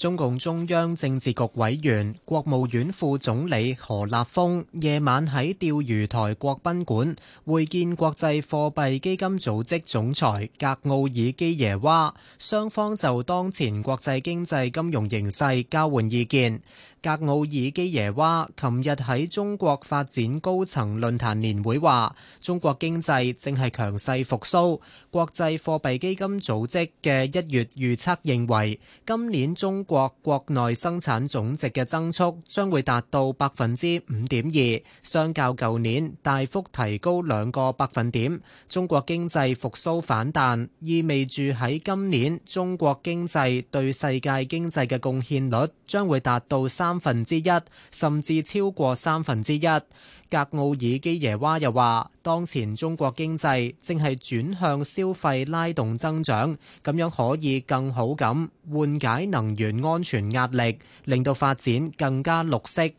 中共中央政治局委員、國務院副總理何立峰夜晚喺釣魚台國賓館會見國際貨幣基金組織總裁格奧爾基耶娃，雙方就當前國際經濟金融形勢交換意見。格奧爾基耶娃琴日喺中國發展高層論壇年會話中國經濟正係強勢復甦，國際貨幣基金組織嘅一月預測認為今年中國國內生產總值嘅增速將會達到百分之五點二，相較舊年大幅提高兩個百分點。中國經濟復蘇反彈，意味住喺今年中國經濟對世界經濟嘅貢獻率將會達到三分之一，甚至超過三分之一。格奧爾基耶娃又話。當前中國經濟正係轉向消費拉動增長，咁樣可以更好咁緩解能源安全壓力，令到發展更加綠色。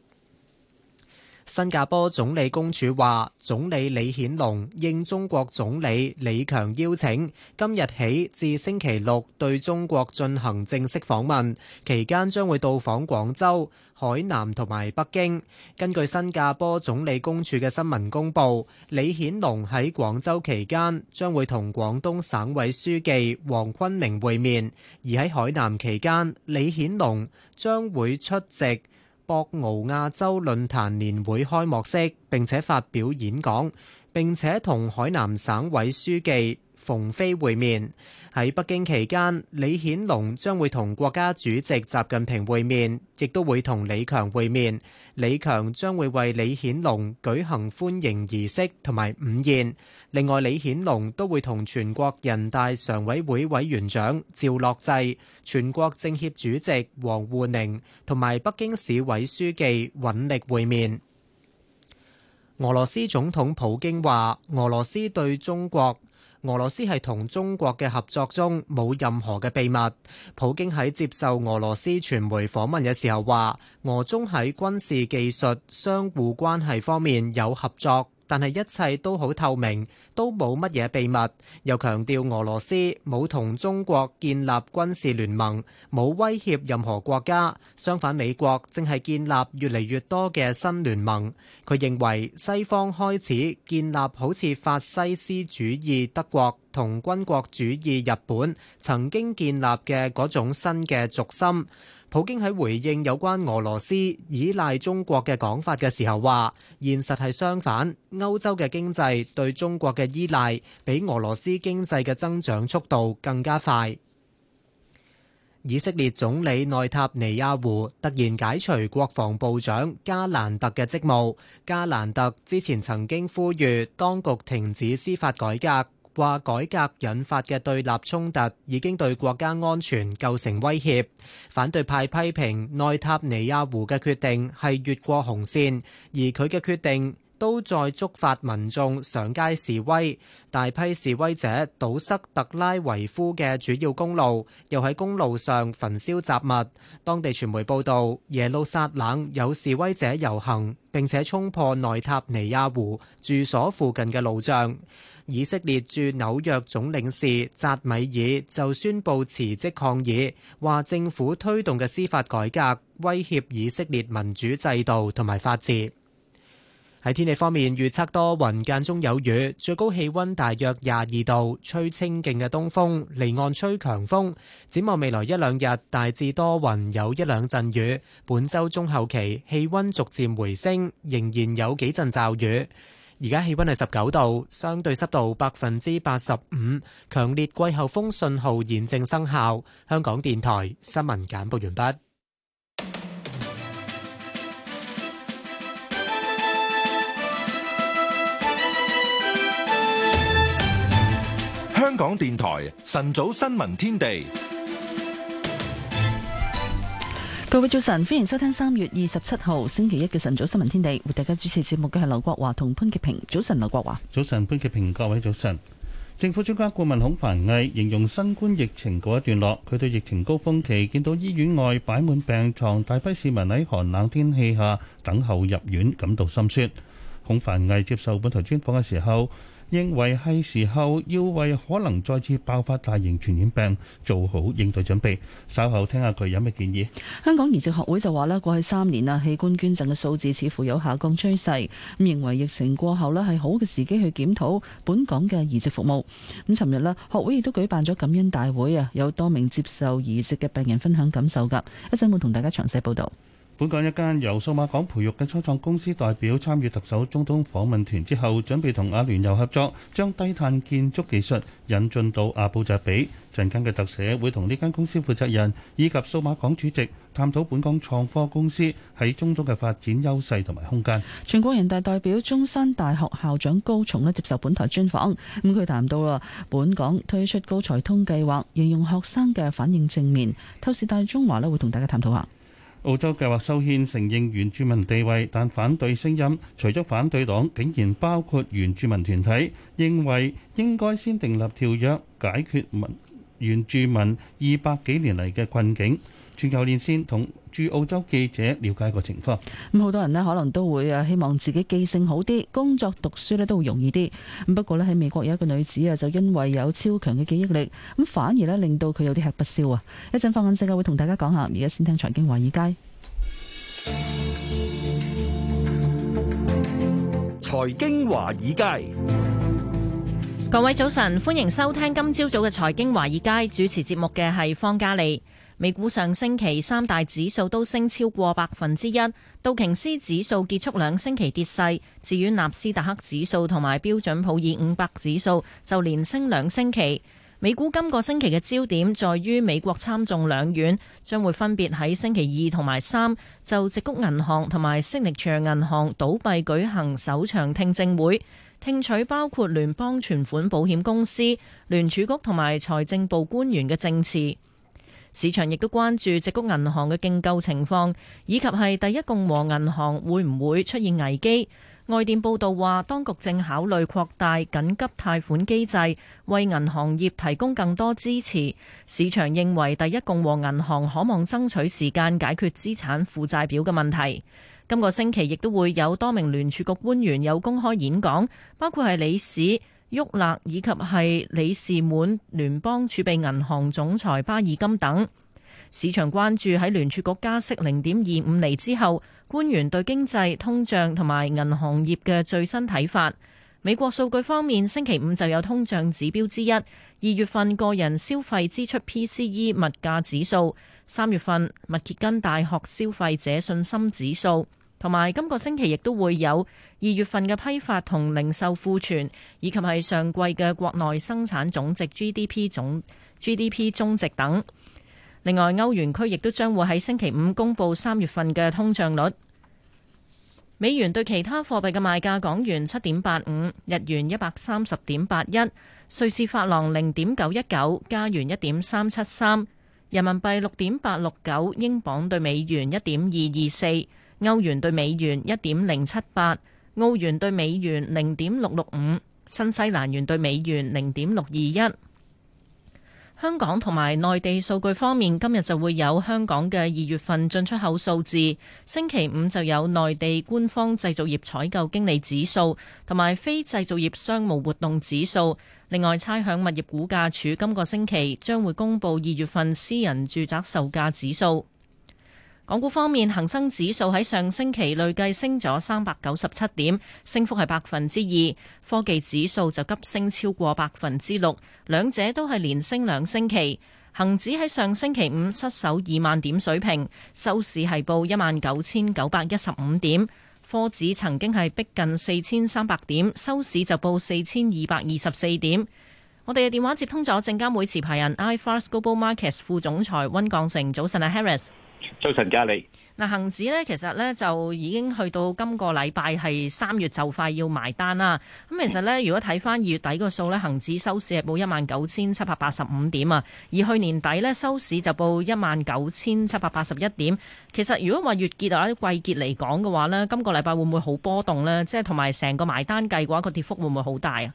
新加坡總理公署話，總理李顯龍應中國總理李強邀請，今日起至星期六對中國進行正式訪問，期間將會到訪廣州、海南同埋北京。根據新加坡總理公署嘅新聞公佈，李顯龍喺廣州期間將會同廣東省委書記黃坤明會面，而喺海南期間，李顯龍將會出席博鰲亞洲論壇年會開幕式，並且發表演講，並且同海南省委書記。逢飛會面。喺北京期間，李顯龍將會同國家主席習近平會面，亦都會同李強會面。李強將會為李顯龍舉行歡迎儀式同埋午宴。另外，李顯龍都會同全國人大常委會委員長趙樂際、全國政協主席王滬寧同埋北京市委書記尹力會面。俄羅斯總統普京話：俄羅斯對中國。俄羅斯係同中國嘅合作中冇任何嘅秘密。普京喺接受俄羅斯傳媒訪問嘅時候話，俄中喺軍事技術、相互關係方面有合作。但係一切都好透明，都冇乜嘢秘密。又強調俄羅斯冇同中國建立軍事聯盟，冇威脅任何國家。相反，美國正係建立越嚟越多嘅新聯盟。佢認為西方開始建立好似法西斯主義德國同軍國主義日本曾經建立嘅嗰種新嘅軸心。普京喺回應有關俄羅斯依賴中國嘅講法嘅時候，話現實係相反，歐洲嘅經濟對中國嘅依賴比俄羅斯經濟嘅增長速度更加快。以色列總理內塔尼亞胡突然解除國防部長加蘭特嘅職務，加蘭特之前曾經呼籲當局停止司法改革。話改革引發嘅對立衝突已經對國家安全構成威脅。反對派批評內塔尼亞胡嘅決定係越過紅線，而佢嘅決定都在觸發民眾上街示威。大批示威者堵塞特拉維夫嘅主要公路，又喺公路上焚燒雜物。當地傳媒報道，耶路撒冷有示威者遊行，並且衝破內塔尼亞胡住所附近嘅路障。以色列駐紐約總領事扎米爾就宣布辭職抗議，話政府推動嘅司法改革威脅以色列民主制度同埋法治。喺天氣方面，預測多雲間中有雨，最高氣溫大約廿二度，吹清勁嘅東風，離岸吹強風。展望未來一兩日，大致多雲有一兩陣雨。本周中後期，氣溫逐漸回升，仍然有幾陣驟雨。而家氣温係十九度，相對濕度百分之八十五，強烈季候風信號現正生效。香港電台新聞簡報完畢。香港電台晨早新聞天地。各位早晨，歡迎收聽三月二十七號星期一嘅晨早新聞天地。為大家主持節目嘅係劉國華同潘潔平。早晨，劉國華。早晨，潘潔平。各位早晨。政府專家顧問孔凡毅形容新冠疫情告一段落，佢對疫情高峰期見到醫院外擺滿病床、大批市民喺寒冷天氣下等候入院感到心酸。孔凡毅接受本台專訪嘅時候。認為係時候要為可能再次爆發大型傳染病做好應對準備。稍後聽下佢有咩建議。香港移植學會就話咧，過去三年啊，器官捐贈嘅數字似乎有下降趨勢，咁認為疫情過後咧係好嘅時機去檢討本港嘅移植服務。咁，尋日咧學會亦都舉辦咗感恩大會啊，有多名接受移植嘅病人分享感受噶。一陣會同大家詳細報道。本港一間由數碼港培育嘅初創公司代表參與特首中東訪問團之後，準備同阿聯酋合作，將低碳建築技術引進到阿布扎比。陣間嘅特寫會同呢間公司負責人以及數碼港主席探討本港創科公司喺中東嘅發展優勢同埋空間。全國人大代表、中山大學校長高松咧接受本台專訪，咁佢談到啊，本港推出高才通計劃，形容學生嘅反應正面。透視大中華咧會同大家探討下。澳洲計劃修憲承認原住民地位，但反對聲音除咗反對黨，竟然包括原住民團體，認為應該先訂立條約解決民原住民二百幾年嚟嘅困境。全球連線同駐澳洲記者了解個情況，咁好多人呢，可能都會啊希望自己記性好啲，工作讀書呢都會容易啲。咁不過呢，喺美國有一個女子啊，就因為有超強嘅記憶力，咁反而呢令到佢有啲吃不消啊！一陣放眼世界，會同大家講下。而家先聽財經華爾街，財經華爾街，各位早晨，歡迎收聽今朝早嘅財經華爾街，主持節目嘅係方嘉莉。美股上星期三大指數都升超過百分之一，道瓊斯指數結束兩星期跌勢，至於納斯達克指數同埋標準普爾五百指數就連升兩星期。美股今個星期嘅焦點在於美國參眾兩院將會分別喺星期二同埋三就矽谷銀行同埋 Signature 銀行倒閉舉行首場聽證會，聽取包括聯邦存款保險公司、聯儲局同埋財政部官員嘅證詞。市場亦都關注矽谷銀行嘅競購情況，以及係第一共和銀行會唔會出現危機。外電報道話，當局正考慮擴大緊急貸款機制，為銀行業提供更多支持。市場認為第一共和銀行可望爭取時間解決資產負債表嘅問題。今個星期亦都會有多名聯儲局官員有公開演講，包括係理事，沃勒，以及係里士滿聯邦儲備銀行總裁巴爾金等，市場關注喺聯儲局加息零點二五厘之後，官員對經濟、通脹同埋銀行業嘅最新睇法。美國數據方面，星期五就有通脹指標之一，二月份個人消費支出 PCE 物價指數，三月份密歇根大學消費者信心指數。同埋，今個星期亦都會有二月份嘅批發同零售庫存，以及係上季嘅國內生產總值總 （GDP） 總 GDP 總值等。另外，歐元區亦都將會喺星期五公布三月份嘅通脹率。美元對其他貨幣嘅賣價：港元七點八五，日元一百三十點八一，瑞士法郎零點九一九，加元一點三七三，人民幣六點八六九，英鎊對美元一點二二四。歐元對美元一點零七八，澳元對美元零點六六五，新西蘭元對美元零點六二一。香港同埋內地數據方面，今日就會有香港嘅二月份進出口數字，星期五就有內地官方製造業採購經理指數同埋非製造業商務活動指數。另外，差響物業估價處今個星期將會公布二月份私人住宅售價指數。港股方面，恒生指數喺上星期累計升咗三百九十七點，升幅係百分之二。科技指數就急升超過百分之六，兩者都係連升兩星期。恒指喺上星期五失守二萬點水平，收市係報一萬九千九百一十五點。科指曾經係逼近四千三百點，收市就報四千二百二十四點。我哋嘅電話接通咗，證監會持牌人 iFAST Global Markets 副總裁溫鋼成，早晨啊，Harris。周晨，嘉，你恒指咧，其實咧就已經去到今個禮拜係三月就快要埋單啦。咁其實咧，如果睇翻二月底個數咧，恒指收市係報一萬九千七百八十五點啊，而去年底咧收市就報一萬九千七百八十一點。其實如果話月結或者季結嚟講嘅話呢，今個禮拜會唔會好波動呢？即係同埋成個埋單計嘅話，個跌幅會唔會好大啊？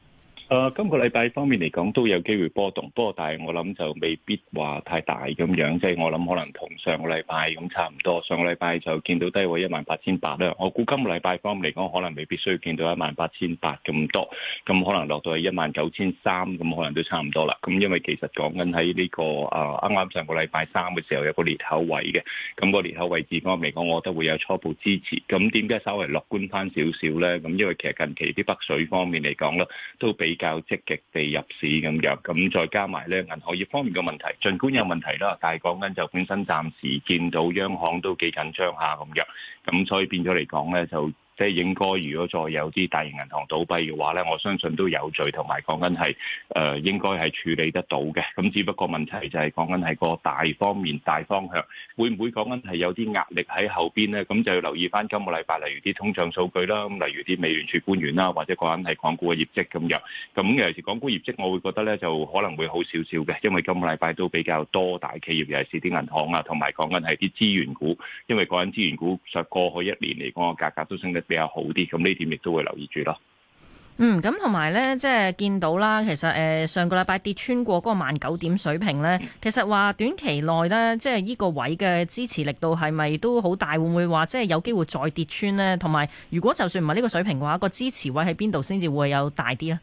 誒、呃，今個禮拜方面嚟講都有機會波動，不過但係我諗就未必話太大咁樣，即係我諗可能同上個禮拜咁差唔多。上個禮拜就見到低位一萬八千八啦，我估今個禮拜方面嚟講，可能未必需要見到一萬八千八咁多，咁可能落到係一萬九千三，咁可能都差唔多啦。咁因為其實講緊喺呢個誒啱啱上個禮拜三嘅時候有個裂口位嘅，咁、那個裂口位置方面嚟講，我覺得會有初步支持。咁點解稍微樂觀翻少少咧？咁因為其實近期啲北水方面嚟講咧，都比比較積極地入市咁樣，咁再加埋呢，銀行業方面嘅問題，盡管有問題啦，但係講緊就本身暫時見到央行都幾緊張下咁樣，咁所以變咗嚟講呢就。即係應該，如果再有啲大型銀行倒閉嘅話呢，我相信都有罪同埋講緊係誒應該係處理得到嘅。咁只不過問題就係講緊係個大方面、大方向會唔會講緊係有啲壓力喺後邊呢？咁就要留意翻今個禮拜，例如啲通脹數據啦，咁例如啲美聯儲官員啦，或者講緊係港股嘅業績咁樣。咁尤其是港股業績，我會覺得呢就可能會好少少嘅，因為今個禮拜都比較多大企業，尤其是啲銀行啊，同埋講緊係啲資源股，因為講緊資源股實過去一年嚟講，個價格都升得。比較好啲，咁呢點亦都會留意住咯。嗯，咁同埋呢，即係見到啦，其實誒、呃，上個禮拜跌穿過嗰個萬九點水平呢，其實話短期內呢，即係呢個位嘅支持力度係咪都好大？會唔會話即係有機會再跌穿呢？同埋，如果就算唔係呢個水平嘅話，個支持位喺邊度先至會有大啲呢？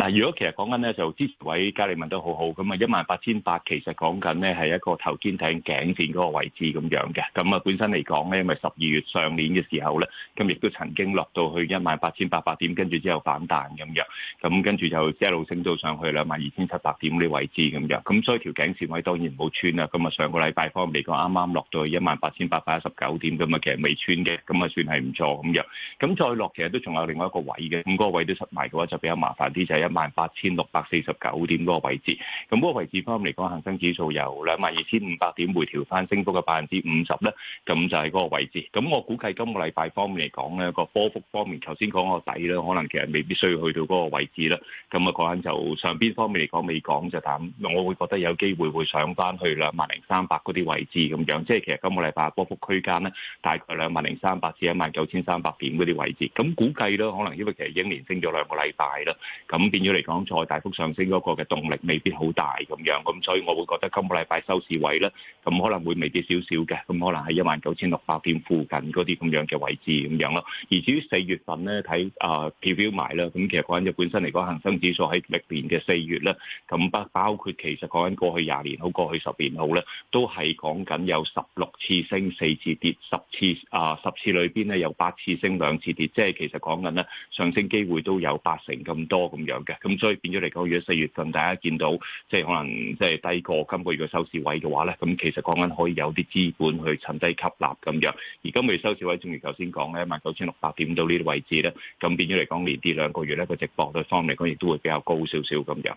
嗱，如果其實講緊咧，就支持位嘉利問得好好，咁啊一萬八千八，其實講緊呢係一個頭肩頂頸線嗰個位置咁樣嘅。咁啊本身嚟講呢，因為十二月上年嘅時候呢，咁亦都曾經落到去一萬八千八百點，跟住之後反彈咁樣，咁跟住就一路升到上去兩萬二千七百點呢位置咁樣。咁所以條頸線位當然冇穿啦。咁啊上個禮拜方面嚟講，啱啱落到去一萬八千八百一十九點，咁啊其實未穿嘅，咁啊算係唔錯咁樣。咁再落其實都仲有另外一個位嘅，咁嗰個位都失埋嘅話，就比較麻煩啲就係。萬八千六百四十九點嗰個位置，咁嗰個位置方面嚟講，恒生指數由兩萬二千五百點回調翻升幅嘅百分之五十咧，咁就喺嗰個位置。咁我估計今個禮拜方面嚟講咧，個波幅方面，頭先講個底咧，可能其實未必需要去到嗰個位置啦。咁啊，嗰陣就上邊方面嚟講未講，就但我會覺得有機會會上翻去兩萬零三百嗰啲位置咁樣。即係其實今個禮拜波幅區間咧，大概兩萬零三百至一萬九千三百點嗰啲位置。咁估計咧，可能因為其實已經連升咗兩個禮拜啦，咁。變咗嚟講，再大幅上升嗰個嘅動力未必好大咁樣，咁所以我會覺得今個禮拜收市位咧，咁可能會微跌少少嘅，咁可能係一萬九千六百點附近嗰啲咁樣嘅位置咁樣咯。而至於四月份咧，睇啊表表埋啦，咁其實講緊本身嚟講，恒生指數喺歷年嘅四月咧，咁包包括其實講緊過去廿年好，過去十年好咧，都係講緊有十六次升、四次跌、十次啊十、呃、十次裏邊咧有八次升、兩次跌，即係其實講緊咧上升機會都有八成咁多咁樣。嘅，咁所以變咗嚟講，如果四月份大家見到即係可能即係低過今個月嘅收市位嘅話咧，咁其實講緊可以有啲資本去趁低吸納咁樣。而今個月收市位，正如頭先講嘅一萬九千六百點到呢啲位置咧，咁變咗嚟講，連跌兩個月咧，佢直播對方嚟講亦都會比較高少少咁樣。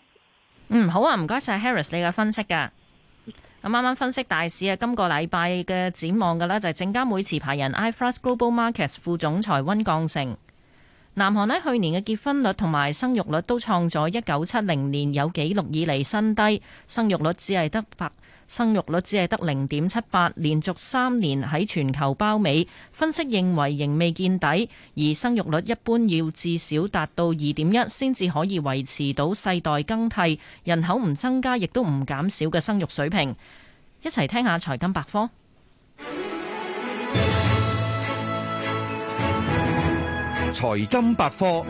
嗯，好啊，唔該晒 Harris 你嘅分析㗎。咁啱啱分析大市啊，今個禮拜嘅展望嘅咧，就係證監會持牌人 iFAST Global Markets 副總裁温鋼成。南韓喺去年嘅結婚率同埋生育率都創咗一九七零年有紀錄以嚟新低，生育率只係得百，生育率只係得零點七八，連續三年喺全球包尾。分析認為仍未見底，而生育率一般要至少達到二點一先至可以維持到世代更替、人口唔增加亦都唔減少嘅生育水平。一齊聽下《財金百科》。財金百科。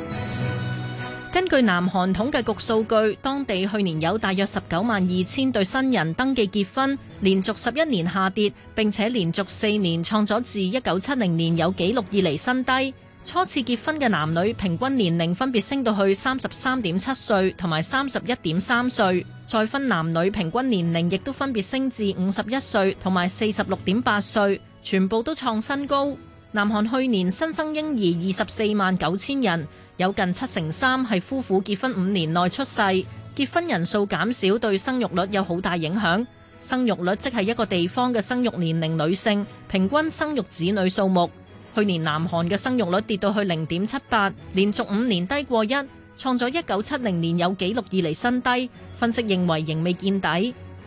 根據南韓統計局數據，當地去年有大約十九萬二千對新人登記結婚，連續十一年下跌，並且連續四年創咗自一九七零年有紀錄以嚟新低。初次結婚嘅男女平均年齡分別升到去三十三點七歲同埋三十一點三歲，再婚男女平均年齡亦都分別升至五十一歲同埋四十六點八歲，全部都創新高。南韓去年新生嬰兒二十四萬九千人，有近七成三係夫婦結婚五年內出世。結婚人數減少對生育率有好大影響。生育率即係一個地方嘅生育年齡女性，平均生育子女數目。去年南韓嘅生育率跌到去零點七八，連續五年低過一，創咗一九七零年有紀錄以嚟新低。分析認為仍未見底。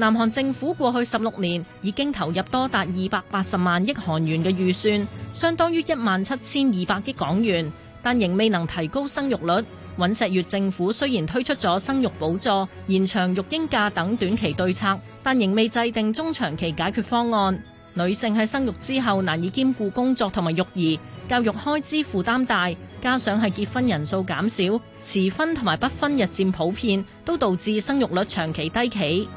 南韓政府過去十六年已經投入多達二百八十萬億韓元嘅預算，相當於一萬七千二百億港元，但仍未能提高生育率。尹錫悅政府雖然推出咗生育補助、延長育嬰假等短期對策，但仍未制定中長期解決方案。女性喺生育之後難以兼顧工作同埋育兒，教育開支負擔大，加上係結婚人數減少、遲婚同埋不婚日漸普遍，都導致生育率長期低企。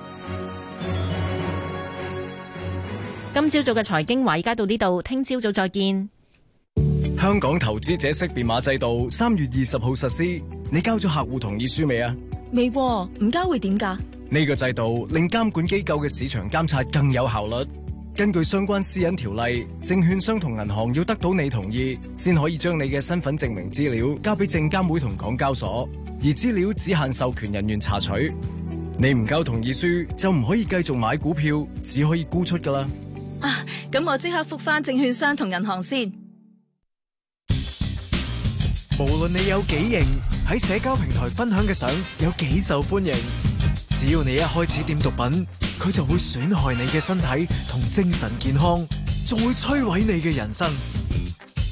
今朝早嘅財經華爾街到呢度，聽朝早再見。香港投資者識別碼制度三月二十號實施，你交咗客戶同意書未啊？未，唔交會點㗎？呢個制度令監管機構嘅市場監察更有效率。根據相關私隱條例，證券商同銀行要得到你同意，先可以將你嘅身份證明資料交俾證監會同港交所，而資料只限授權人員查取。你唔夠同意書，就唔可以繼續買股票，只可以沽出㗎喇。啊，咁我即刻覆返證券商同銀行先。無論你有幾型，喺社交平台分享嘅相有幾受歡迎，只要你一開始掂毒品，佢就會損害你嘅身體同精神健康，仲會摧毀你嘅人生。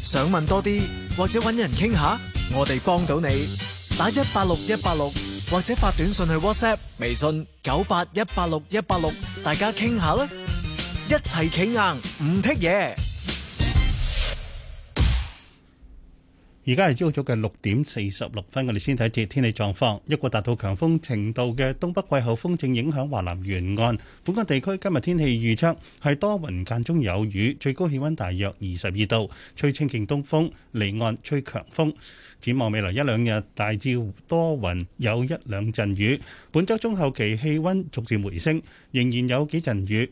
想問多啲或者揾人傾下，我哋幫到你，打一八六一八六。或者發短信去 WhatsApp、微信九八一八六一八六，大家傾下啦，一齊企硬，唔剔嘢。而家係朝早嘅六點四十六分，我哋先睇一節天氣狀況。一股達到強風程度嘅東北季候風正影響華南沿岸，本港地區今日天，天氣預測係多雲間中有雨，最高氣溫大約二十二度，吹清勁東風，離岸吹強風。展望未來一兩日，大致多雲，有一兩陣雨。本週中後期氣温逐漸回升，仍然有幾陣雨。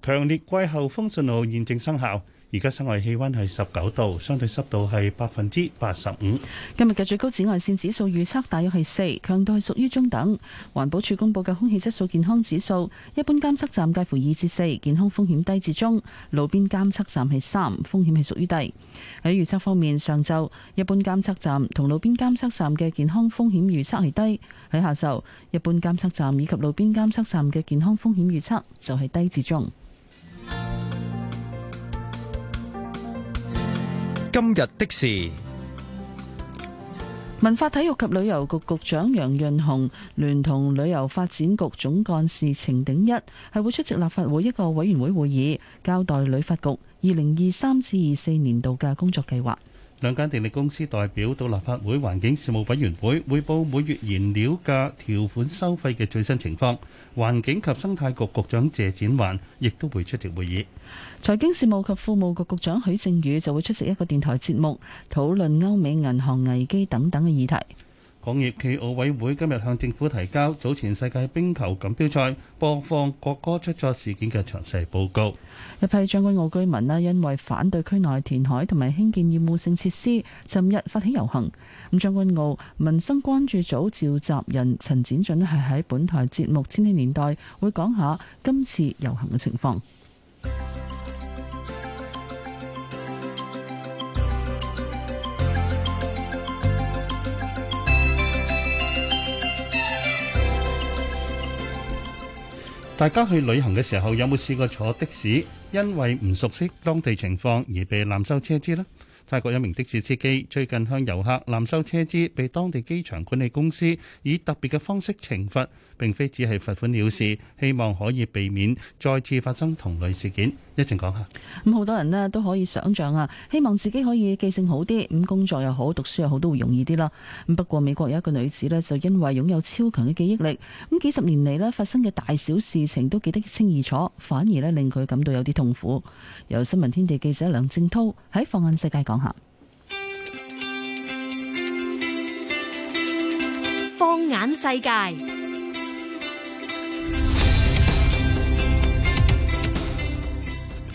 強烈季候風信號現正生效。而家室外氣溫係十九度，相對濕度係百分之八十五。今日嘅最高紫外線指數預測大約係四，強度係屬於中等。環保署公布嘅空氣質素健康指數，一般監測站介乎二至四，健康風險低至中；路邊監測站係三，風險係屬於低。喺預測方面，上晝一般監測站同路邊監測站嘅健康風險預測係低；喺下晝，一般監測站以及路邊監測站嘅健康風險預測就係低至中。今日的事，文化體育及旅遊局局長楊潤雄聯同旅遊發展局總幹事程鼎一，係會出席立法會一個委員會會議，交代旅發局二零二三至二四年度嘅工作計劃。兩間電力公司代表到立法會環境事務委員會匯報每月燃料價條款收費嘅最新情況。環境及生態局局長謝展寰亦都會出席會議。財經事務及庫務局局，局長許正宇就會出席一個電台節目，討論歐美銀行危機等等嘅議題。港協暨奧委會今日向政府提交早前世界冰球錦標賽播放國歌出錯事件嘅詳細報告。一批將軍澳居民啦，因為反對區內填海同埋興建厭惡性設施，尋日發起遊行。咁將軍澳民生關注組召集人陳展準咧，係喺本台節目《千禧年、年代》會講下今次遊行嘅情況。大家去旅行嘅時候有冇試過坐的士，因為唔熟悉當地情況而被濫收車資咧？泰國一名的士司機最近向遊客濫收車資被當地機場管理公司以特別嘅方式懲罰，並非只係罰款了事。希望可以避免再次發生同類事件。一齊講下。咁好多人呢都可以想象啊，希望自己可以記性好啲，咁工作又好，讀書又好，都會容易啲啦。咁不過美國有一個女子呢，就因為擁有超強嘅記憶力，咁幾十年嚟，呢，發生嘅大小事情都記得清清楚楚，反而呢令佢感到有啲痛苦。由新聞天地記者梁正濤喺放眼世界講下。放眼世界。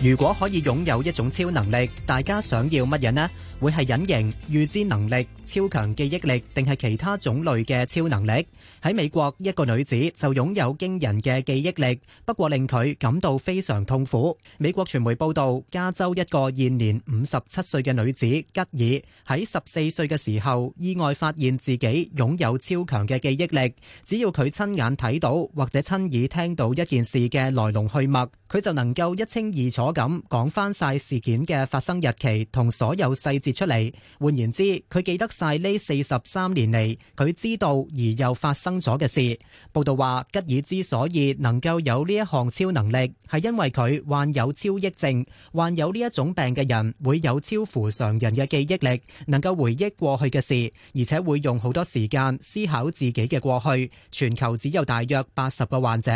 如果可以擁有一種超能力，大家想要乜嘢呢？會係隱形、預知能力，超強記憶力定係其他種類嘅超能力？喺美國，一個女子就擁有驚人嘅記憶力，不過令佢感到非常痛苦。美國傳媒報道，加州一個現年五十七歲嘅女子吉爾喺十四歲嘅時候意外發現自己擁有超強嘅記憶力，只要佢親眼睇到或者親耳聽到一件事嘅來龍去脈，佢就能夠一清二楚咁講翻曬事件嘅發生日期同所有細節出嚟。換言之，佢記得。晒呢四十三年嚟，佢知道而又發生咗嘅事。報道，話，吉爾之所以能夠有呢一項超能力，係因為佢患有超憶症。患有呢一種病嘅人會有超乎常人嘅記憶力，能夠回憶過去嘅事，而且會用好多時間思考自己嘅過去。全球只有大約八十個患者。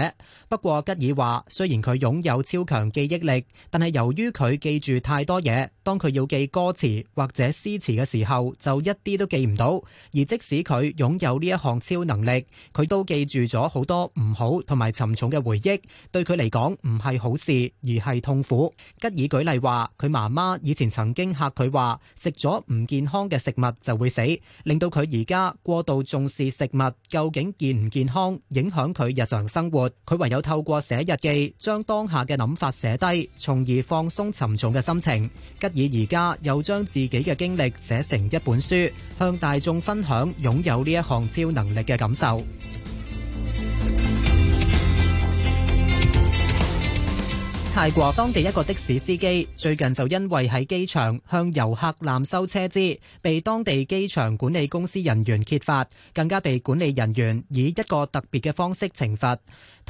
不過，吉爾話，雖然佢擁有超強記憶力，但係由於佢記住太多嘢。當佢要記歌詞或者詩詞嘅時候，就一啲都記唔到。而即使佢擁有呢一項超能力，佢都記住咗好多唔好同埋沉重嘅回憶，對佢嚟講唔係好事，而係痛苦。吉爾舉例話，佢媽媽以前曾經嚇佢話，食咗唔健康嘅食物就會死，令到佢而家過度重視食物究竟健唔健康，影響佢日常生活。佢唯有透過寫日記，將當下嘅諗法寫低，從而放鬆沉重嘅心情。吉以而家又將自己嘅經歷寫成一本書，向大眾分享擁有呢一項超能力嘅感受。泰國當地一個的士司機最近就因為喺機場向遊客濫收車資，被當地機場管理公司人員揭發，更加被管理人員以一個特別嘅方式懲罰。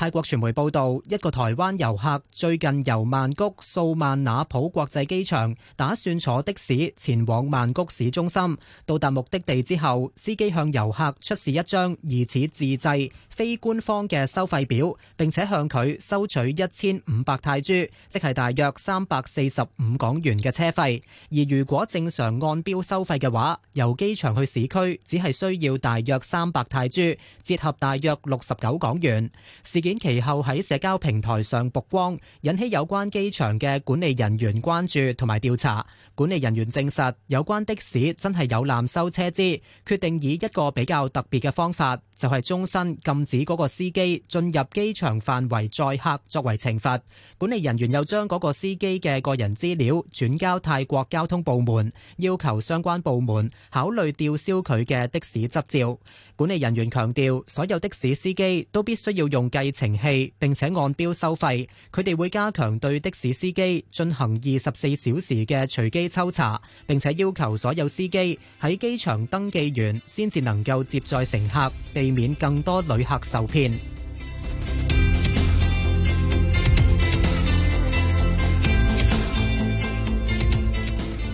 泰國傳媒報道，一個台灣遊客最近由曼谷素萬那普國際機場打算坐的士前往曼谷市中心。到達目的地之後，司機向遊客出示一張疑似自製、非官方嘅收費表，並且向佢收取一千五百泰銖，即係大約三百四十五港元嘅車費。而如果正常按標收費嘅話，由機場去市區只係需要大約三百泰銖，折合大約六十九港元。事件其後喺社交平台上曝光，引起有關機場嘅管理人員關注同埋調查。管理人員證實，有關的士真係有濫收車資，決定以一個比較特別嘅方法，就係終身禁止嗰個司機進入機場範圍載客作為懲罰。管理人員又將嗰個司機嘅個人資料轉交泰國交通部門，要求相關部門考慮吊銷佢嘅的士執照。管理人員強調，所有的士司機都必須要用計程器，並且按標收費。佢哋會加強對的士司機進行二十四小時嘅隨機抽查，並且要求所有司機喺機場登記完先至能夠接載乘客。被避免更多旅客受騙。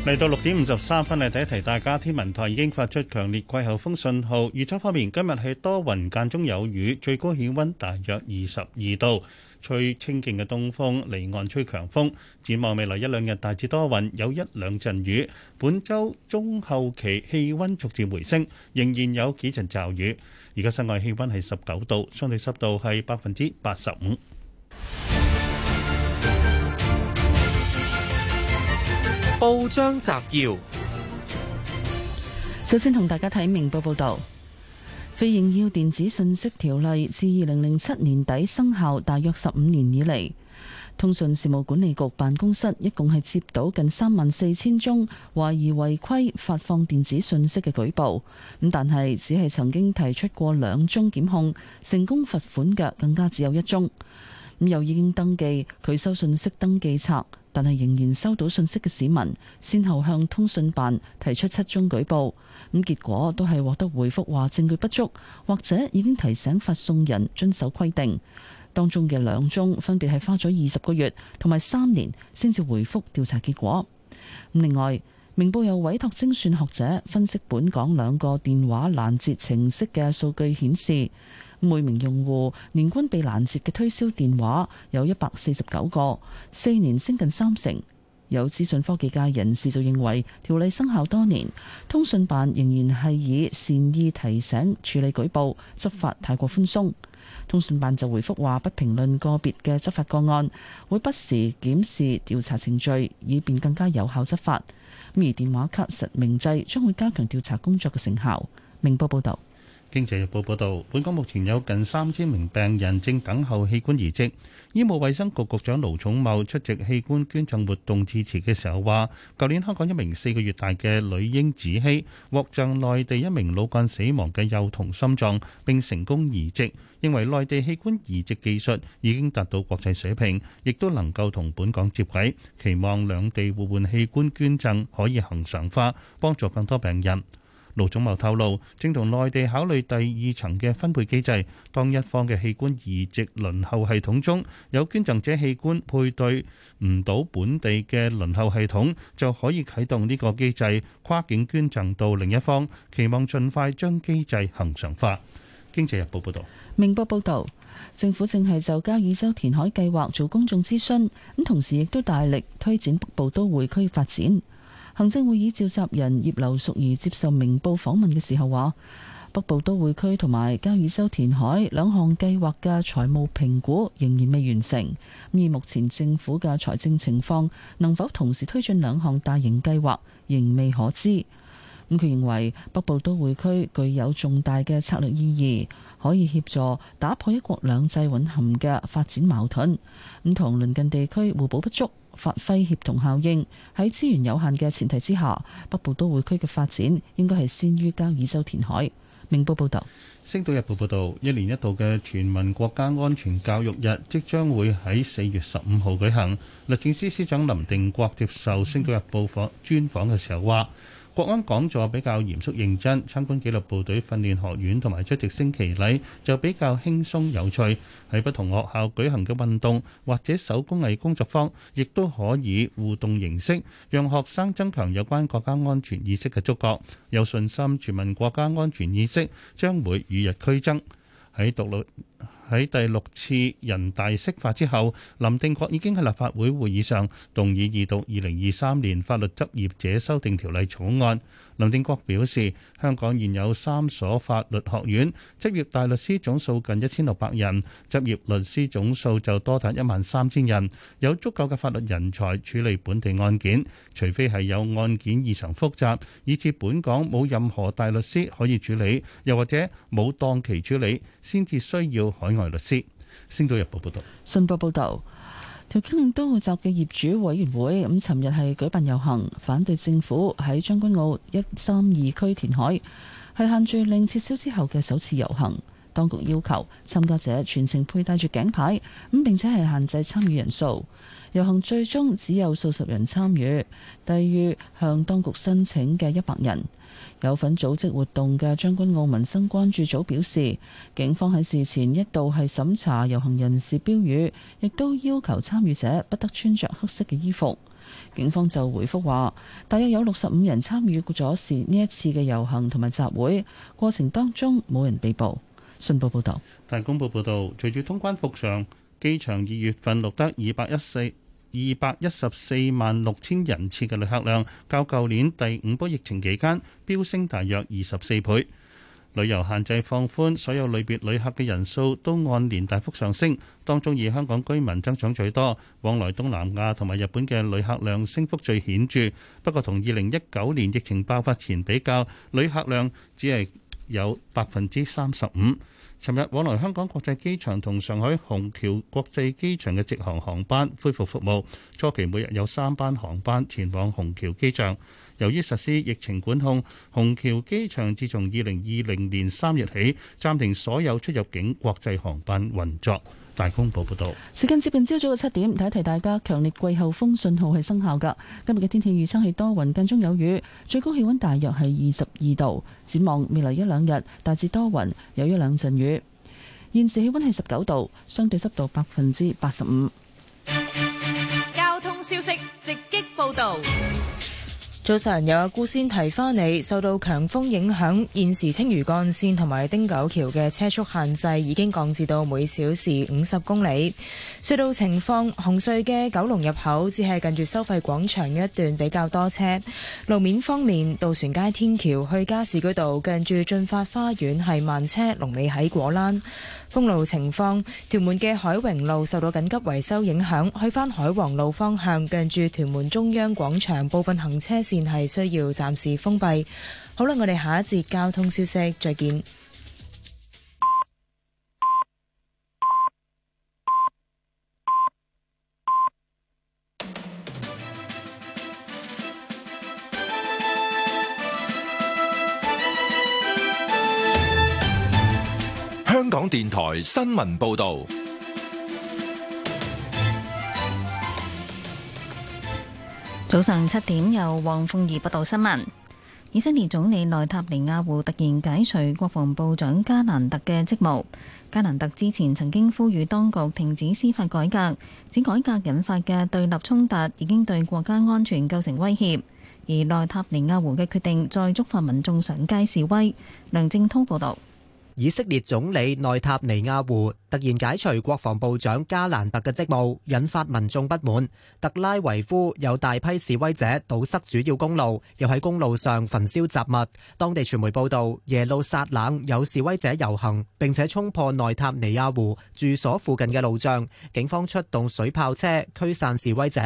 嚟到六點五十三分，嚟第一題，大家天文台已經發出強烈季候風信號。預測方面，今日係多雲間中有雨，最高氣溫大約二十二度，吹清勁嘅東風，離岸吹強風。展望未來一兩日，大致多雲，有一兩陣雨。本周中後期氣溫逐漸回升，仍然有幾陣驟雨。而家室外氣温係十九度，相對濕度係百分之八十五。報章摘要，首先同大家睇明報報道，《非應邀電子訊息條例》自二零零七年底生效，大約十五年以嚟。通訊事務管理局辦公室一共係接到近三萬四千宗懷疑違規發放電子信息嘅舉報，咁但係只係曾經提出過兩宗檢控成功罰款嘅，更加只有一宗。咁又已經登記拒收信息登記冊，但係仍然收到信息嘅市民，先後向通訊辦提出七宗舉報，咁結果都係獲得回覆話證據不足，或者已經提醒發送人遵守規定。當中嘅兩宗分別係花咗二十個月同埋三年先至回覆調查結果。另外，明報又委託精算學者分析本港兩個電話攔截程式嘅數據顯示，每名用戶年均被攔截嘅推銷電話有一百四十九個，四年升近三成。有資訊科技界人士就認為，條例生效多年，通訊辦仍然係以善意提醒處理舉報，執法太過寬鬆。通訊辦就回覆話：不評論個別嘅執法個案，會不時檢視調查程序，以便更加有效執法。咁而電話卡實名制將會加強調查工作嘅成效。明報報道。經濟日報報導，本港目前有近三千名病人正等候器官移植。醫務衛生局局長盧寵茂出席器官捐贈活動致辭嘅時候話，舊年香港一名四個月大嘅女嬰子希獲贈內地一名腦幹死亡嘅幼童心臟並成功移植，認為內地器官移植技術已經達到國際水平，亦都能夠同本港接軌，期望兩地互換器官捐贈可以恒常化，幫助更多病人。盧寵茂透露，正同內地考慮第二層嘅分配機制，當一方嘅器官移植輪候系統中有捐贈者器官配對唔到本地嘅輪候系統，就可以啟動呢個機制，跨境捐贈到另一方，期望盡快將機制恆常化。經濟日報報道。明報報道，政府正係就交椅洲填海計劃做公眾諮詢，咁同時亦都大力推展北部都會區發展。行政會議召集人葉劉淑儀接受明報訪問嘅時候話：北部都會區同埋交椅洲填海兩項計劃嘅財務評估仍然未完成，而目前政府嘅財政情況能否同時推進兩項大型計劃，仍未可知。咁佢認為北部都會區具有重大嘅策略意義，可以協助打破一國兩制蘊含嘅發展矛盾，唔同鄰近地區互補不足。發揮協同效應。喺資源有限嘅前提之下，北部都會區嘅發展應該係先於交椅洲填海。明報報道。《星島日報》報道，一年一度嘅全民國家安全教育日即將會喺四月十五號舉行。律政司司長林定國接受《星島日報》訪專訪嘅時候話。國安講座比較嚴肅認真，參觀紀律部隊訓練學院同埋出席升旗禮就比較輕鬆有趣。喺不同學校舉行嘅運動或者手工藝工作坊，亦都可以互動形式，讓學生增強有關國家安全意識嘅觸覺。有信心全民國家安全意識將會與日俱增。喺獨立。喺第六次人大釋法之後，林定國已經喺立法會會議上動議二讀《二零二三年法律執業者修訂條例草案》。林定國表示，香港現有三所法律學院，執業大律師總數近一千六百人，執業律師總數就多達一萬三千人，有足夠嘅法律人才處理本地案件。除非係有案件異常複雜，以至本港冇任何大律師可以處理，又或者冇檔期處理，先至需要海外律師。星島日報報道。信報報導。葵青嶺集嘅業主委員會咁，尋日係舉辦遊行，反對政府喺將軍澳一三二區填海，係限聚令撤銷之後嘅首次遊行。當局要求參加者全程佩戴住頸牌，咁並且係限制參與人數。遊行最終只有數十人參與，低於向當局申請嘅一百人。有份組織活動嘅將軍澳民生關注組表示，警方喺事前一度係審查遊行人士標語，亦都要求參與者不得穿著黑色嘅衣服。警方就回覆話，大約有六十五人參與咗事。呢一次嘅遊行同埋集會，過程當中冇人被捕。信報報道，大公報報道，隨住通關復常，機場二月份錄得二百一四。二百一十四萬六千人次嘅旅客量，較舊年第五波疫情期間飆升大約二十四倍。旅遊限制放寬，所有類別旅客嘅人數都按年大幅上升，當中以香港居民增長最多，往來東南亞同埋日本嘅旅客量升幅最顯著。不過，同二零一九年疫情爆發前比較，旅客量只係有百分之三十五。尋日，往來香港國際機場同上海虹橋國際機場嘅直航航班恢復服務，初期每日有三班航班前往虹橋機場。由於實施疫情管控，虹橋機場自從二零二零年三月起暫停所有出入境國際航班運作。大公報報道，時間接近朝早嘅七點，提一提大家，強烈季候風信號係生效㗎。今日嘅天氣預測係多雲間中有雨，最高氣溫大約係二十二度，展望未來一兩日大致多雲，有一兩陣雨。現時氣溫係十九度，相對濕度百分之八十五。交通消息直擊報道。早晨，有阿姑先提翻你，受到強風影響，現時青魚幹線同埋丁九橋嘅車速限制已經降至到每小時五十公里。隧道情況，紅隧嘅九龍入口只係近住收費廣場一段比較多車，路面方面，渡船街天橋去加士居道近住駿發花園係慢車，龍尾喺果欄。封路情況，屯門嘅海榮路受到緊急維修影響，去返海王路方向近住屯門中央廣場部分行車線係需要暫時封閉。好啦，我哋下一節交通消息再見。香港電台新聞報道，早上七點由黃鳳儀報道新聞。以色列總理內塔尼亞胡突然解除國防部長加蘭特嘅職務。加蘭特之前曾經呼籲當局停止司法改革，指改革引發嘅對立衝突已經對國家安全構成威脅，而內塔尼亞胡嘅決定再觸發民眾上街示威。梁正濤報道。以色列總理內塔尼亞胡，突然解除國防部長加蘭特嘅職務，引發民眾不滿。特拉維夫有大批示威者堵塞主要公路，又喺公路上焚燒雜物。當地傳媒報道，耶路撒冷有示威者遊行，並且衝破內塔尼亞胡住所附近嘅路障，警方出動水炮車驅散示威者。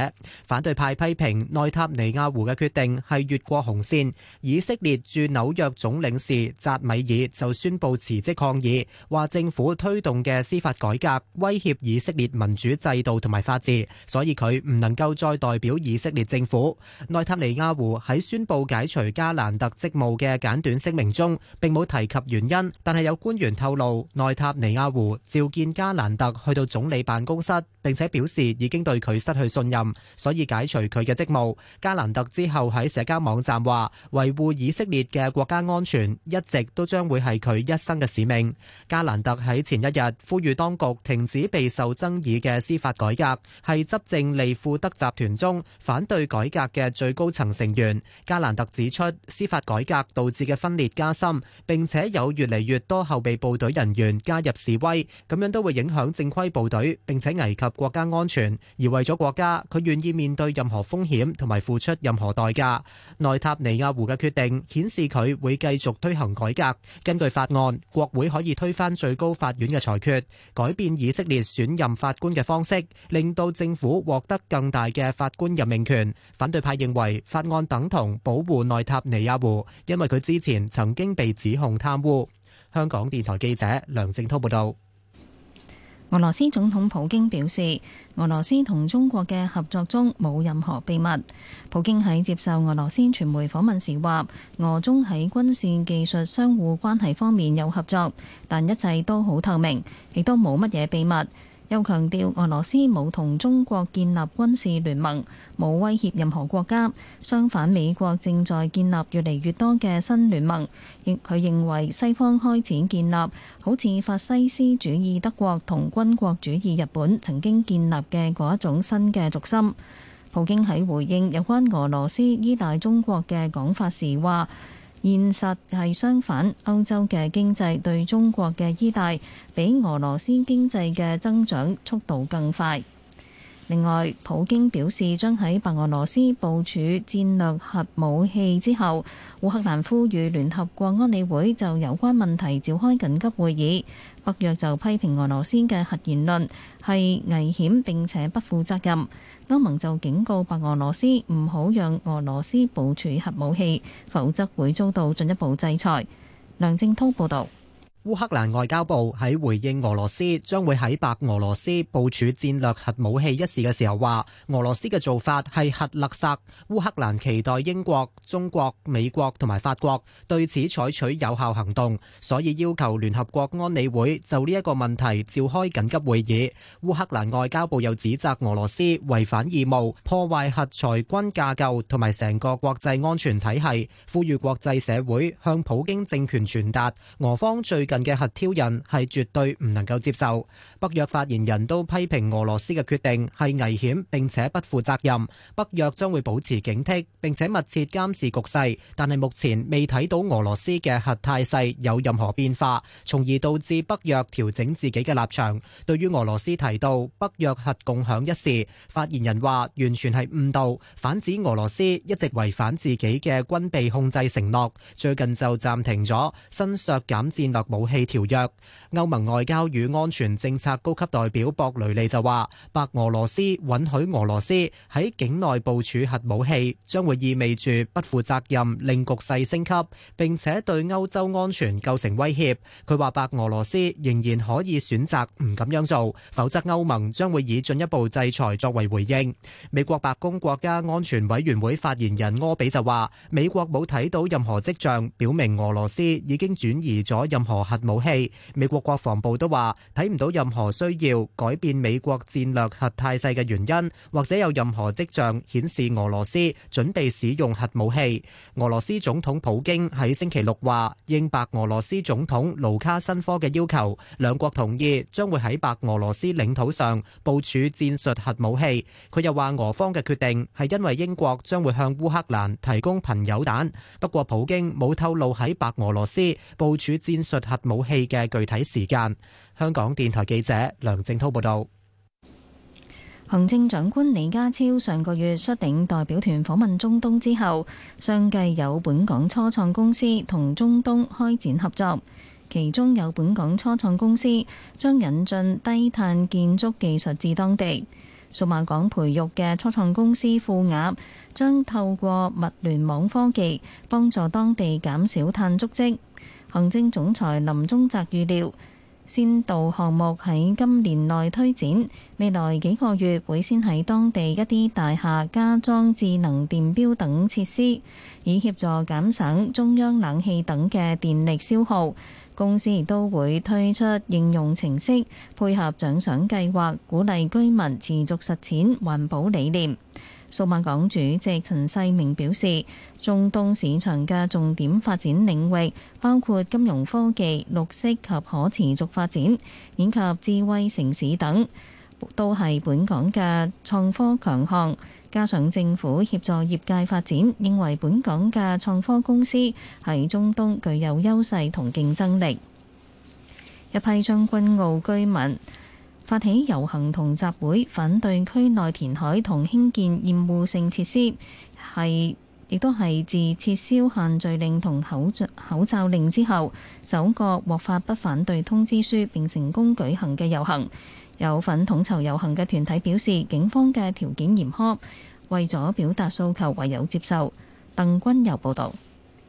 反對派批評內塔尼亞胡嘅決定係越過紅線。以色列駐紐約總領事扎米爾就宣布辭職抗議，話政府推動嘅。司法改革威脅以色列民主制度同埋法治，所以佢唔能夠再代表以色列政府。內塔尼亞胡喺宣布解除加蘭特職務嘅簡短聲明中並冇提及原因，但係有官員透露，內塔尼亞胡召見加蘭特去到總理辦公室，並且表示已經對佢失去信任，所以解除佢嘅職務。加蘭特之後喺社交網站話：維護以色列嘅國家安全一直都將會係佢一生嘅使命。加蘭特喺前一日呼。與當局停止備受爭議嘅司法改革，係執政利庫德集團中反對改革嘅最高層成員。加蘭特指出司法改革導致嘅分裂加深，並且有越嚟越多後備部隊人員加入示威，咁樣都會影響正規部隊，並且危及國家安全。而為咗國家，佢願意面對任何風險同埋付出任何代價。內塔尼亞胡嘅決定顯示佢會繼續推行改革。根據法案，國會可以推翻最高法院嘅裁決改變以色列選任法官嘅方式，令到政府獲得更大嘅法官任命權。反對派認為法案等同保護內塔尼亞胡，因為佢之前曾經被指控貪污。香港電台記者梁正濤報道。俄羅斯總統普京表示，俄羅斯同中國嘅合作中冇任何秘密。普京喺接受俄羅斯傳媒訪問時話，俄中喺軍事技術、相互關係方面有合作，但一切都好透明，亦都冇乜嘢秘密。又強調俄羅斯冇同中國建立軍事聯盟，冇威脅任何國家。相反，美國正在建立越嚟越多嘅新聯盟。佢認為西方開始建立好似法西斯主義德國同軍國主義日本曾經建立嘅嗰一種新嘅軸心。普京喺回應有關俄羅斯依賴中國嘅講法時話。現實係相反，歐洲嘅經濟對中國嘅依賴，比俄羅斯經濟嘅增長速度更快。另外，普京表示將喺白俄羅斯部署戰略核武器之後，烏克蘭呼籲聯合國安理會就有關問題召開緊急會議，北約就批評俄羅斯嘅核言論係危險，並且不負責任。歐盟就警告白俄羅斯唔好讓俄羅斯部署核武器，否則會遭到進一步制裁。梁正濤報道。烏克蘭外交部喺回應俄羅斯將會喺白俄羅斯部署戰略核武器一事嘅時候話，俄羅斯嘅做法係核勒索。烏克蘭期待英國、中國、美國同埋法國對此採取有效行動，所以要求聯合國安理會就呢一個問題召開緊急會議。烏克蘭外交部又指責俄羅斯違反義務，破壞核裁軍架，架構同埋成個國際安全體系，呼籲國際社會向普京政權傳達俄方最近嘅核挑釁係絕對唔能夠接受。北約發言人都批評俄羅斯嘅決定係危險並且不負責任。北約將會保持警惕，並且密切監視局勢，但係目前未睇到俄羅斯嘅核態勢有任何變化，從而導致北約調整自己嘅立場。對於俄羅斯提到北約核共享一事，發言人話完全係誤導，反指俄羅斯一直違反自己嘅軍備控制承諾，最近就暫停咗新削減戰略武武器條約，歐盟外交與安全政策高級代表博雷利就話：白俄羅斯允許俄羅斯喺境內部署核武器，將會意味住不負責任，令局勢升級，並且對歐洲安全構成威脅。佢話白俄羅斯仍然可以選擇唔咁樣做，否則歐盟將會以進一步制裁作為回應。美國白宮國家安全委員會發言人柯比就話：美國冇睇到任何跡象表明俄羅斯已經轉移咗任何。核武器，美國國防部都話睇唔到任何需要改變美國戰略核態勢嘅原因，或者有任何跡象顯示俄羅斯準備使用核武器。俄羅斯總統普京喺星期六話應白俄羅斯總統盧卡申科嘅要求，兩國同意將會喺白俄羅斯領土上部署戰術核武器。佢又話俄方嘅決定係因為英國將會向烏克蘭提供貧鈾彈，不過普京冇透露喺白俄羅斯部署戰術核。武器嘅具體時間，香港電台記者梁正濤報道。行政長官李家超上個月率領代表團訪問中東之後，相繼有本港初創公司同中東開展合作，其中有本港初創公司將引進低碳建築技術至當地。數碼港培育嘅初創公司富額將透過物聯網科技幫助當地減少碳足跡。行政總裁林宗澤預料，先導項目喺今年內推展，未來幾個月會先喺當地一啲大廈加裝智能電表等設施，以協助減省中央冷氣等嘅電力消耗。公司亦都會推出應用程式，配合獎賞計劃，鼓勵居民持續實踐環保理念。數碼港主席陳世明表示，中東市場嘅重點發展領域包括金融科技、綠色及可持續發展，以及智慧城市等，都係本港嘅創科強項。加上政府協助業界發展，認為本港嘅創科公司喺中東具有優勢同競爭力。一批將軍澳居民發起遊行同集會反對區內填海同興建厭惡性設施，係亦都係自撤銷限聚令同口罩口罩令之後，首個獲發不反對通知書並成功舉行嘅遊行。有份統籌遊行嘅團體表示，警方嘅條件嚴苛，為咗表達訴求，唯有接受。鄧君有報導。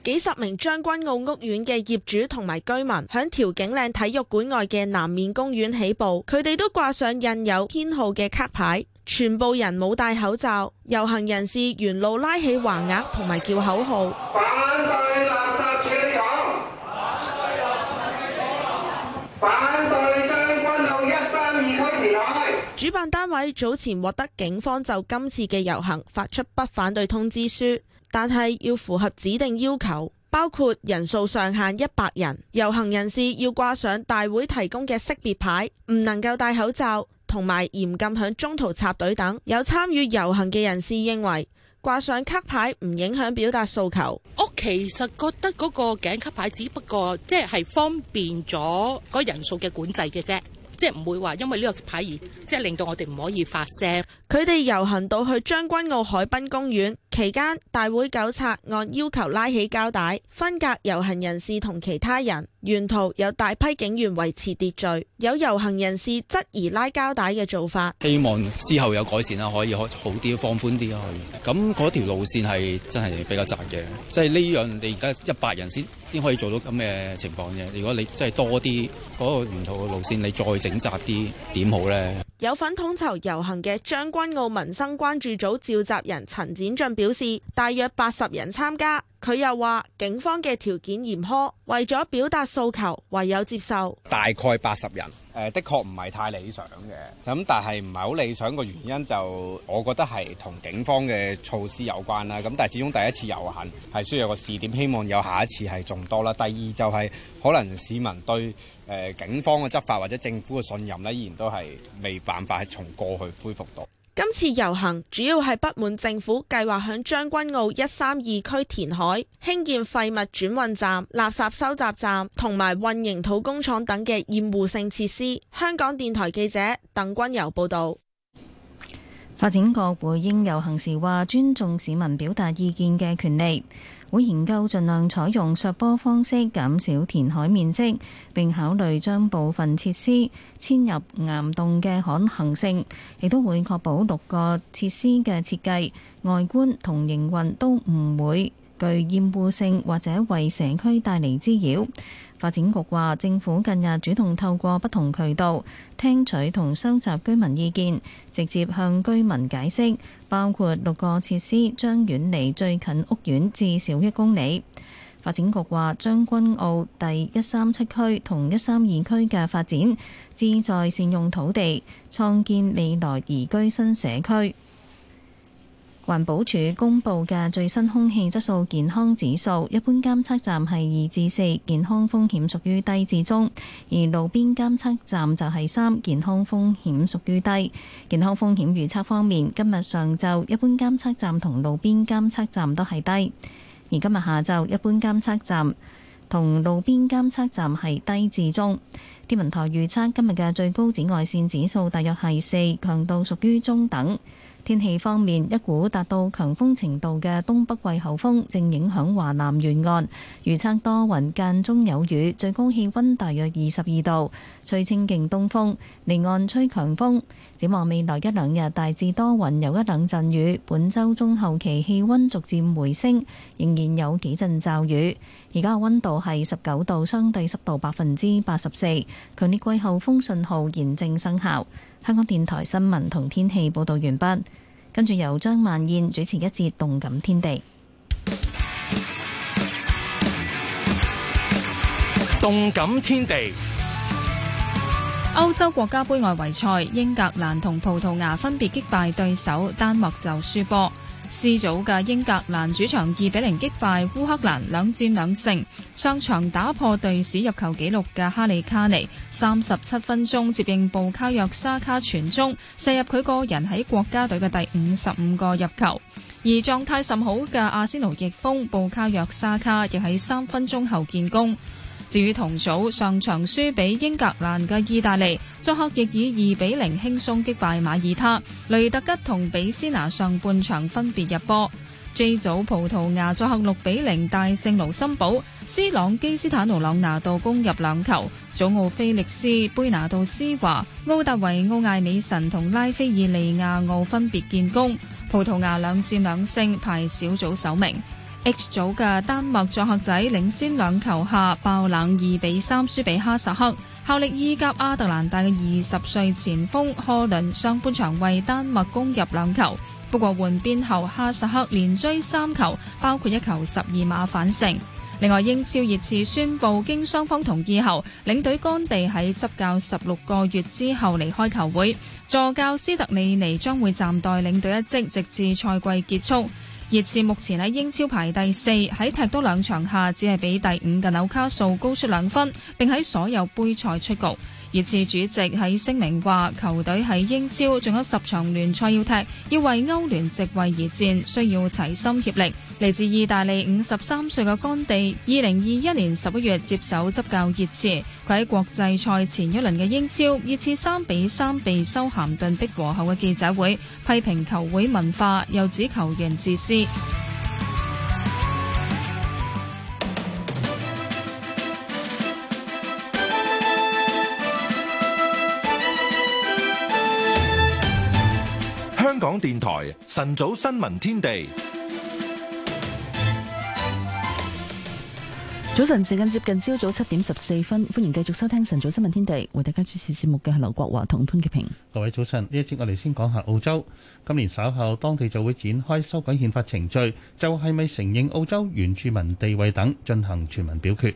幾十名將軍澳屋苑嘅業主同埋居民喺調景嶺體育館外嘅南面公園起步，佢哋都掛上印有編號嘅卡牌，全部人冇戴口罩。遊行人士沿路拉起橫額同埋叫口號，反對垃圾處理廠，反對將軍澳一三二區填海。主辦單位早前獲得警方就今次嘅遊行發出不反對通知書。但係要符合指定要求，包括人數上限一百人，遊行人士要掛上大會提供嘅識別牌，唔能夠戴口罩，同埋嚴禁響中途插隊等。有參與遊行嘅人士認為掛上卡牌唔影響表達訴求。我其實覺得嗰個頸卡牌只不過即係方便咗嗰人數嘅管制嘅啫。即係唔會話因為呢個牌而即係令到我哋唔可以發聲。佢哋遊行到去將軍澳海濱公園期間，大會糾察按要求拉起膠帶，分隔遊行人士同其他人。沿途有大批警員維持秩序，有遊行人士質疑拉膠帶嘅做法。希望之後有改善啦，可以好啲，放寬啲啦。咁嗰條路線係真係比較窄嘅，即係呢樣你而家一百人先先可以做到咁嘅情況啫。如果你真係多啲嗰個沿途嘅路線，你再整窄啲，點好呢？有份統籌遊行嘅將軍澳民生關注組召集人陳展俊表示，大約八十人參加。佢又話：警方嘅條件嚴苛，為咗表達訴求，唯有接受大概八十人。誒，的確唔係太理想嘅。咁但係唔係好理想嘅原因就，我覺得係同警方嘅措施有關啦。咁但係始終第一次遊行係需要有個試點，希望有下一次係仲多啦。第二就係可能市民對誒警方嘅執法或者政府嘅信任呢，依然都係未辦法從過去恢復到。今次遊行主要係不滿政府計劃響將軍澳一三二區填海興建廢物轉運站、垃圾收集站同埋混凝營土工廠等嘅厭惡性設施。香港電台記者鄧君游報導，發展局回應遊行時話：尊重市民表達意見嘅權利。會研究盡量採用削波方式減少填海面積，並考慮將部分設施遷入岩洞嘅可行性，亦都會確保六個設施嘅設計外觀同營運都唔會具厭惡性或者為社區帶嚟滋擾。發展局話，政府近日主動透過不同渠道聽取同收集居民意見，直接向居民解釋，包括六個設施將遠離最近屋苑至少一公里。發展局話，將軍澳第一三七區同一三二區嘅發展，旨在善用土地，創建未來宜居新社區。環保署公布嘅最新空氣質素健康指數，一般監測站係二至四，健康風險屬於低至中；而路邊監測站就係三，健康風險屬於低。健康風險預測方面，今日上晝一般監測站同路邊監測站都係低；而今日下晝一般監測站同路邊監測站係低至中。天文台預測今日嘅最高紫外線指數大約係四，強度屬於中等。天氣方面，一股達到強風程度嘅東北季候風正影響華南沿岸，預測多雲間中有雨，最高氣温大約二十二度，吹清勁東風，離岸吹強風。展望未來一兩日大致多雲，有一兩陣雨。本週中後期氣温逐漸回升，仍然有幾陣驟雨。而家嘅温度係十九度，相對濕度百分之八十四，強烈季候風信號現正生效。香港電台新聞同天氣報道完畢，跟住由張曼燕主持一節《動感天地》。《動感天地》歐洲國家盃外圍賽，英格蘭同葡萄牙分別擊敗對手，丹麥就輸波。C 組嘅英格蘭主場二比零擊敗烏克蘭，兩戰兩勝。上場打破隊史入球紀錄嘅哈利卡尼，三十七分鐘接應布卡約沙卡傳中，射入佢個人喺國家隊嘅第五十五個入球。而狀態甚好嘅阿仙奴翼鋒，布卡約沙卡亦喺三分鐘後建功。至於同組上場輸俾英格蘭嘅意大利，作客亦以二比零輕鬆擊敗馬爾他。雷特吉同比斯拿上半場分別入波。J 組葡萄牙作客六比零大勝盧森堡，斯朗基斯坦奴朗拿度攻入兩球，祖奧菲力斯、貝拿度斯華、奧達維奧、艾美臣同拉菲爾利亞奧分別建功。葡萄牙兩戰兩勝，排小組首名。H 組嘅丹麥作客仔領先兩球下爆冷二比三輸俾哈薩克，效力意甲阿特蘭大嘅二十歲前鋒科倫上半場為丹麥攻入兩球，不過換邊後哈薩克連追三球，包括一球十二碼反勝。另外英超熱刺宣布，經雙方同意後，領隊干地喺執教十六個月之後離開球會，助教斯特里尼將會暫代領隊一職，直至賽季結束。熱刺目前喺英超排第四，喺踢多兩場下，只係比第五嘅紐卡素高出兩分，並喺所有杯賽出局。熱刺主席喺聲明話：球隊喺英超仲有十場聯賽要踢，要為歐聯席位而戰，需要齊心協力。嚟自意大利五十三歲嘅干地，二零二一年十一月接手執教熱刺。佢喺國際賽前一輪嘅英超熱刺三比三被修咸頓逼和後嘅記者會，批評球會文化，又指球員自私。港電台晨早新聞天地。早晨，時間接近朝早七點十四分，歡迎繼續收聽晨早新聞天地。為大家主持節目嘅係劉國華同潘潔平。各位早晨，呢一節我哋先講下澳洲。今年稍後，當地就會展開修改憲法程序，就係咪承認澳洲原住民地位等進行全民表決。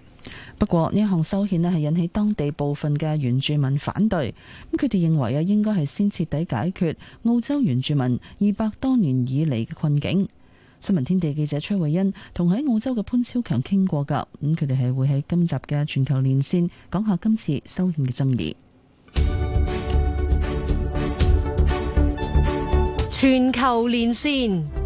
不過呢一項修憲咧，係引起當地部分嘅原住民反對。咁佢哋認為啊，應該係先徹底解決澳洲原住民二百多年以嚟嘅困境。新聞天地記者崔慧欣同喺澳洲嘅潘超強傾過噶，咁佢哋係會喺今集嘅全球連線講下今次修憲嘅爭議。全球連線。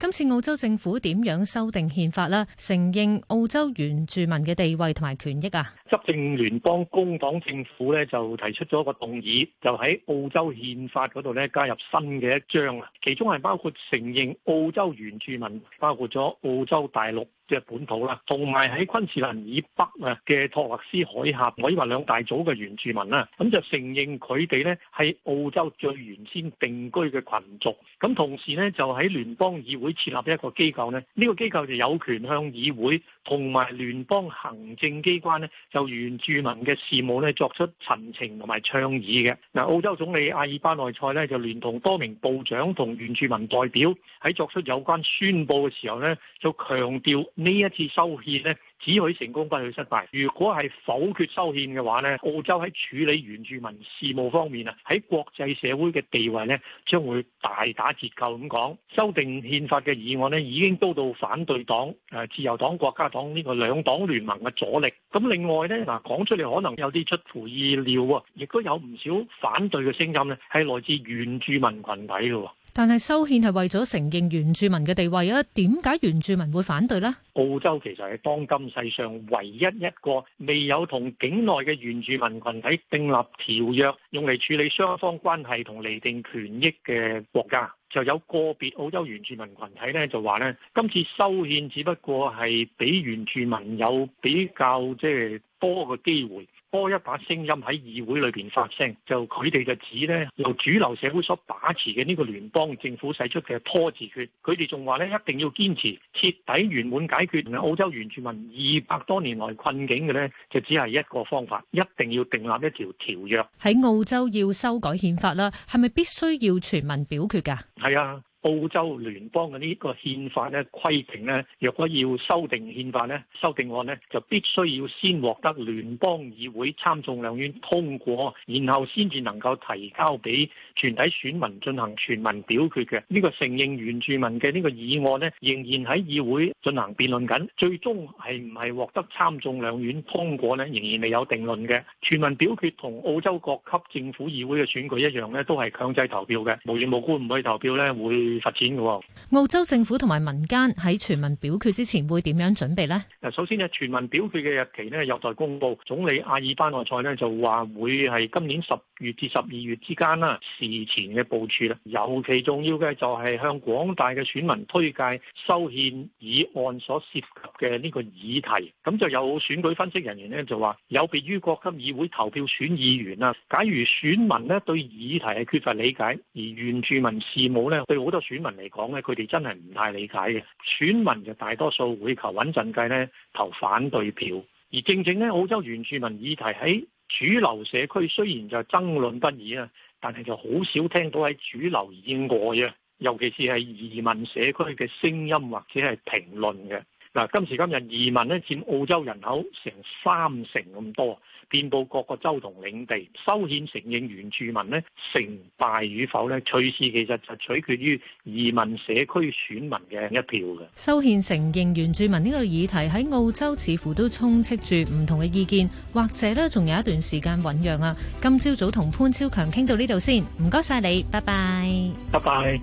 今次澳洲政府點樣修訂憲法啦？承認澳洲原住民嘅地位同埋權益啊？執政聯邦工黨政府咧就提出咗個動議，就喺澳洲憲法嗰度咧加入新嘅一章啊，其中係包括承認澳洲原住民，包括咗澳洲大陸。即本土啦，同埋喺昆士蘭以北啊嘅托勒斯海峽，可以話兩大組嘅原住民啦，咁就承認佢哋咧係澳洲最原先定居嘅群族，咁同時咧就喺聯邦議會設立一個機構咧，呢、呢個機構就有權向議會同埋聯邦行政機關咧就原住民嘅事務咧作出陳情同埋倡議嘅。嗱，澳洲總理阿爾巴內塞咧就聯同多名部長同原住民代表喺作出有關宣布嘅時候咧，就強調。呢一次修憲呢，只許成功不許失敗。如果係否決修憲嘅話呢，澳洲喺處理原住民事務方面啊，喺國際社會嘅地位呢，將會大打折扣。咁講修訂憲法嘅議案呢，已經遭到反對黨誒自由黨國家黨呢個兩黨聯盟嘅阻力。咁另外呢，嗱講出嚟可能有啲出乎意料，亦都有唔少反對嘅聲音呢，係來自原住民群體嘅。但係修憲係為咗承認原住民嘅地位啊？點解原住民會反對呢？澳洲其實係當今世上唯一一個未有同境內嘅原住民群體訂立條約，用嚟處理雙方關係同釐定權益嘅國家，就有個別澳洲原住民群體咧就話咧，今次修憲只不過係俾原住民有比較即係多嘅機會。多一把聲音喺議會裏邊發聲，就佢哋就指咧，由主流社會所把持嘅呢個聯邦政府使出嘅拖字訣，佢哋仲話咧，一定要堅持徹底圓滿解決澳洲原住民二百多年來困境嘅咧，就只係一個方法，一定要訂立一條條約。喺澳洲要修改憲法啦，係咪必須要全民表決㗎？係啊。澳洲聯邦嘅呢個憲法咧規定咧，若果要修訂憲法咧，修訂案咧就必須要先獲得聯邦議會參眾兩院通過，然後先至能夠提交俾全體選民進行全民表決嘅。呢個承認原住民嘅呢個議案咧，仍然喺議會進行辯論緊，最終係唔係獲得參眾兩院通過咧，仍然未有定論嘅。全民表決同澳洲各級政府議會嘅選舉一樣咧，都係強制投票嘅，無緣無故唔可以投票咧會。發展嘅澳洲政府同埋民間喺全民表決之前會點樣準備呢？嗱，首先咧，全民表決嘅日期呢，有待公布。總理阿爾班外賽呢就話會係今年十月至十二月之間啦，事前嘅部署啦。尤其重要嘅就係向廣大嘅選民推介修憲議案所涉及嘅呢個議題。咁就有選舉分析人員呢就話，有別於各級議會投票選議員啊，假如選民呢對議題係缺乏理解，而原住民事務呢對好多。選民嚟講咧，佢哋真係唔太理解嘅。選民就大多數會求穩陣計咧，投反對票，而正正咧澳洲原住民議題喺主流社區雖然就爭論不已啊，但係就好少聽到喺主流以外啊，尤其是係移民社區嘅聲音或者係評論嘅。嗱，今時今日移民咧佔澳洲人口成三成咁多，遍布各個州同領地。修憲承認原住民咧，成敗與否咧，隨時其實就取決於移民社區選民嘅一票嘅。修憲承認原住民呢個議題喺澳洲似乎都充斥住唔同嘅意見，或者咧仲有一段時間醖釀啊。今朝早同潘超強傾到呢度先，唔該晒你，拜拜。拜拜。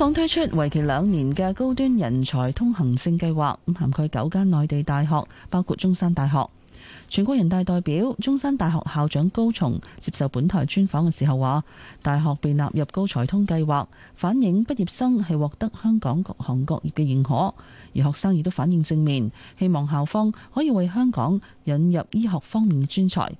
港推出為期兩年嘅高端人才通行性計劃，咁涵蓋九間內地大學，包括中山大學。全國人大代表、中山大學校長高松接受本台專訪嘅時候話：，大學被納入高才通計劃，反映畢業生係獲得香港各行各業嘅認可，而學生亦都反映正面，希望校方可以為香港引入醫學方面嘅專才。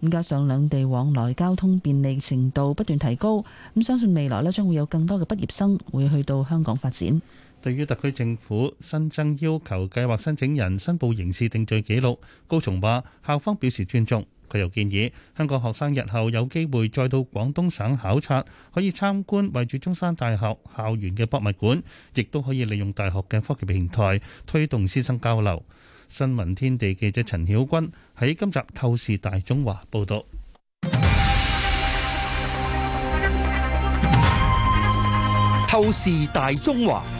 咁加上兩地往來交通便利程度不斷提高，咁相信未來咧將會有更多嘅畢業生會去到香港發展。對於特區政府新增要求計劃申請人申報刑事定罪記錄，高松話校方表示尊重。佢又建議香港學生日後有機會再到廣東省考察，可以參觀圍住中山大學校園嘅博物館，亦都可以利用大學嘅科技平台推動師生交流。新聞天地記者陳曉君喺今集透視大中華報道。透視大中華。報導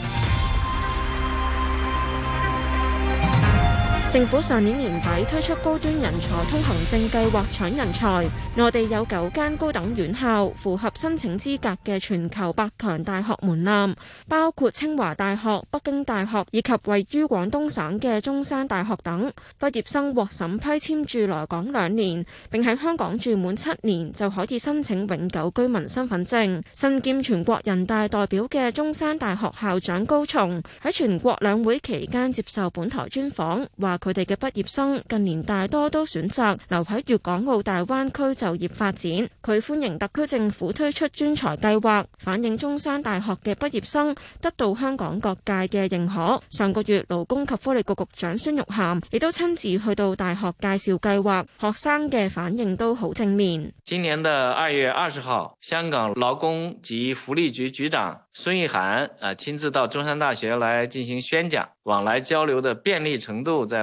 政府上年年底推出高端人才通行證計劃，搶人才，內地有九間高等院校符合申請資格嘅全球百強大學門檻，包括清華大學、北京大學以及位於廣東省嘅中山大學等。畢業生獲審批簽注來港兩年，並喺香港住滿七年就可以申請永久居民身份證。身兼全國人大代表嘅中山大學校長高松喺全國兩會期間接受本台專訪話。佢哋嘅畢業生近年大多都選擇留喺粵港澳大灣區就業發展。佢歡迎特區政府推出專才計劃，反映中山大學嘅畢業生得到香港各界嘅認可。上個月勞工及福利局局長孫玉菡亦都親自去到大學介紹計劃，學生嘅反應都好正面。今年嘅二月二十號，香港勞工及福利局局長孫玉菡啊親自到中山大學來進行宣講，往來交流的便利程度在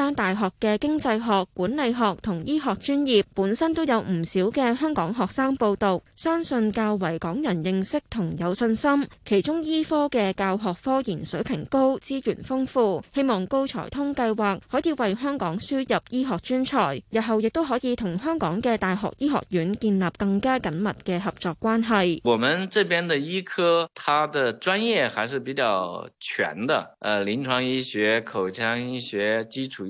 山大學嘅經濟學、管理學同醫學專業本身都有唔少嘅香港學生報讀，相信較為港人認識同有信心。其中醫科嘅教學科研水平高，資源豐富，希望高才通計劃可以為香港輸入醫學專才，日後亦都可以同香港嘅大學醫學院建立更加緊密嘅合作關係。我們這邊的醫科，它的專業還是比較全的，呃，臨床醫學、口腔醫學、基礎醫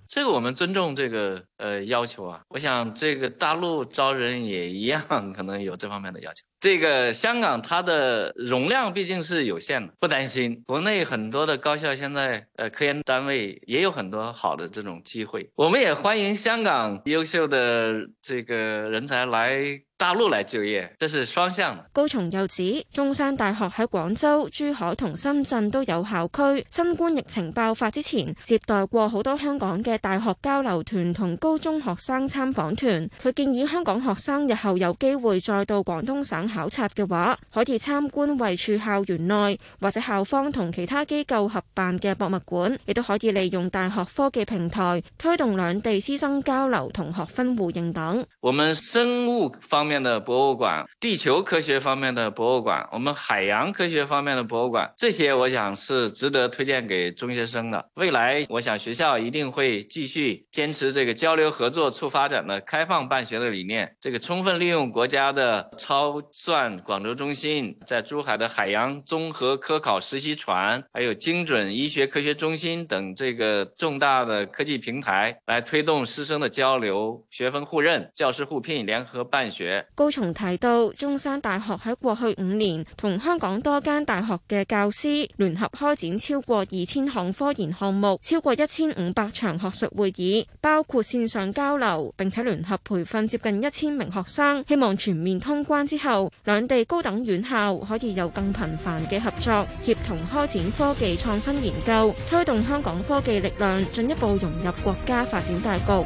這個我們尊重這個呃，要求啊，我想這個大陸招人也一樣，可能有這方面的要求。這個香港它的容量畢竟是有限的，不擔心。國內很多的高校現在，呃，科研單位也有很多好的這種機會。我們也歡迎香港優秀的這個人才來大陸來就業，這是雙向的。高松又指中山大學喺廣州、珠海同深圳都有校區。新冠疫情爆發之前，接待過好多香港嘅大學交流團同高中學生參訪團。佢建議香港學生日後有機會再到廣東省。考察嘅話，可以參觀位處校園內或者校方同其他機構合辦嘅博物館，亦都可以利用大學科技平台推動兩地師生交流同學分互認等。我們生物方面的博物館、地球科學方面的博物館、我們海洋科學方面的博物館，這些我想是值得推薦給中學生的。未來我想學校一定會繼續堅持這個交流合作促發展的開放辦學嘅理念，這個充分利用國家的超。算廣州中心在珠海的海洋綜合科考實習船，還有精準醫學科學中心等這個重大的科技平台，來推動師生的交流、學分互認、教師互聘、聯合辦學。高松提到，中山大學喺過去五年同香港多間大學嘅教師聯合開展超過二千項科研項目，超過一千五百場學術會議，包括線上交流，並且聯合培訓接近一千名學生。希望全面通關之後。兩地高等院校可以有更頻繁嘅合作，協同開展科技創新研究，推動香港科技力量進一步融入國家發展大局。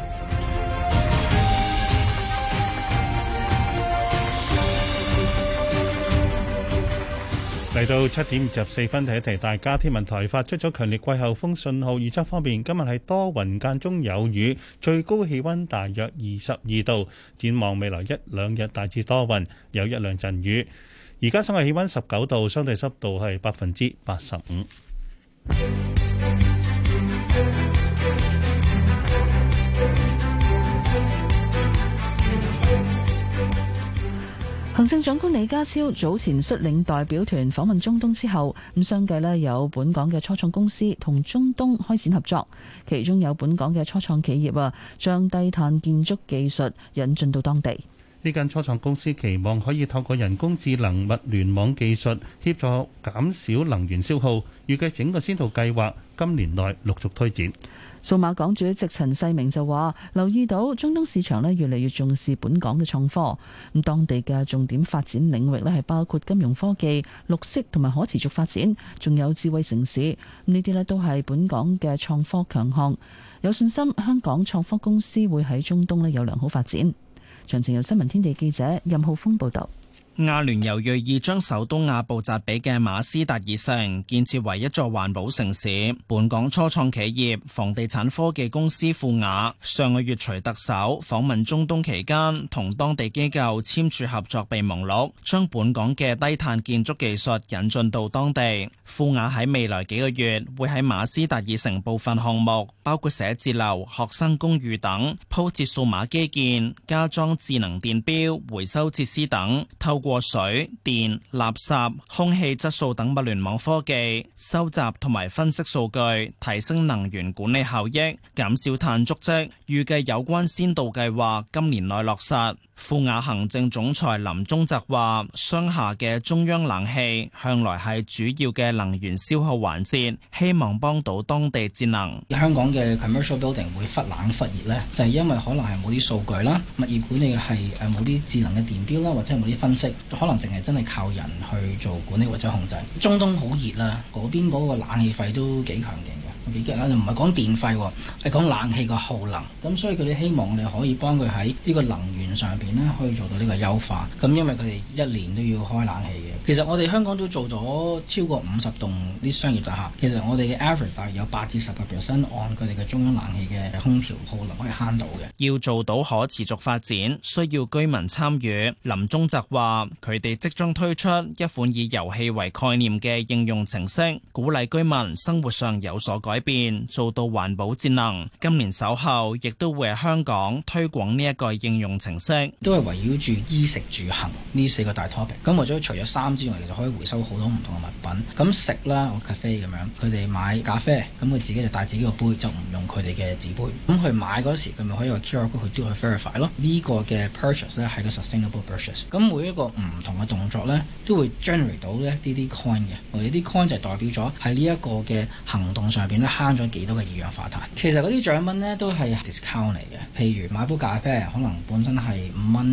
嚟到七點二十四分，提一提大家。天文台發出咗強烈季候風信號。預測方面，今日係多雲間中有雨，最高氣溫大約二十二度。展望未來一兩日，大致多雲，有一兩陣雨。而家室外氣溫十九度，相對濕度係百分之八十五。行政長官李家超早前率領代表團訪問中東之後，咁相繼咧有本港嘅初創公司同中東開展合作，其中有本港嘅初創企業啊，將低碳建築技術引進到當地。呢間初創公司期望可以透過人工智能、物聯網技術協助減少能源消耗，預計整個先導計劃今年內陸續推展。數碼港主席陳世明就話：留意到中東市場咧，越嚟越重視本港嘅創科，咁當地嘅重點發展領域咧係包括金融科技、綠色同埋可持續發展，仲有智慧城市。呢啲咧都係本港嘅創科強項，有信心香港創科公司會喺中東咧有良好發展。詳情由新聞天地記者任浩峰報道。亞聯油銳意將首都亞布扎比嘅馬斯達爾城建設為一座環保城市。本港初創企業房地產科技公司富雅上個月隨特首訪問中東期間，同當地機構簽署合作備忘錄，將本港嘅低碳建築技術引進到當地。富雅喺未來幾個月會喺馬斯達爾城部分項目，包括寫字樓、學生公寓等，鋪設數碼基建、加裝智能電表、回收設施等，透。過水、電、垃圾、空氣質素等物聯網科技收集同埋分析數據，提升能源管理效益，減少碳足迹。預計有關先導計劃今年內落實。富雅行政總裁林宗澤話，商廈嘅中央冷氣向來係主要嘅能源消耗環節，希望幫到當地節能。香港嘅 commercial building 會忽冷忽熱呢就係、是、因為可能係冇啲數據啦，物業管理係誒冇啲智能嘅電錶啦，或者冇啲分析，可能淨係真係靠人去做管理或者控制。中東好熱啦，嗰邊嗰個冷氣費都幾強勁。幾唔係講電費喎，係講冷氣嘅耗能。咁所以佢哋希望我哋可以幫佢喺呢個能源上邊咧，可以做到呢個優化。咁因為佢哋一年都要開冷氣嘅。其實我哋香港都做咗超過五十棟啲商業大廈。其實我哋嘅 Average 有八至十個 percent 按佢哋嘅中央冷氣嘅空調耗能可以慳到嘅。要做到可持續發展，需要居民參與。林宗澤話：佢哋即將推出一款以遊戲為概念嘅應用程式，鼓勵居民生活上有所改。改變做到環保節能，今年首後亦都會喺香港推廣呢一個應用程式，都係圍繞住衣食住行呢四個大 topic。咁或者除咗衫之外，其實可以回收好多唔同嘅物品。咁食啦，我咖啡咁樣，佢哋買咖啡，咁佢自己就帶自己個杯，就唔用佢哋嘅紙杯。咁佢買嗰時，佢咪可以個 QR code 去丟去 verify 咯。呢個嘅 purchase 咧係個 sustainable purchase。咁每一個唔同嘅動作咧，都會 generate 到咧呢啲 coin 嘅。我哋啲 coin 就代表咗喺呢一個嘅行動上邊慳咗幾多嘅二氧化碳？其實嗰啲獎品呢都係 discount 嚟嘅。譬如買杯咖啡，可能本身係五蚊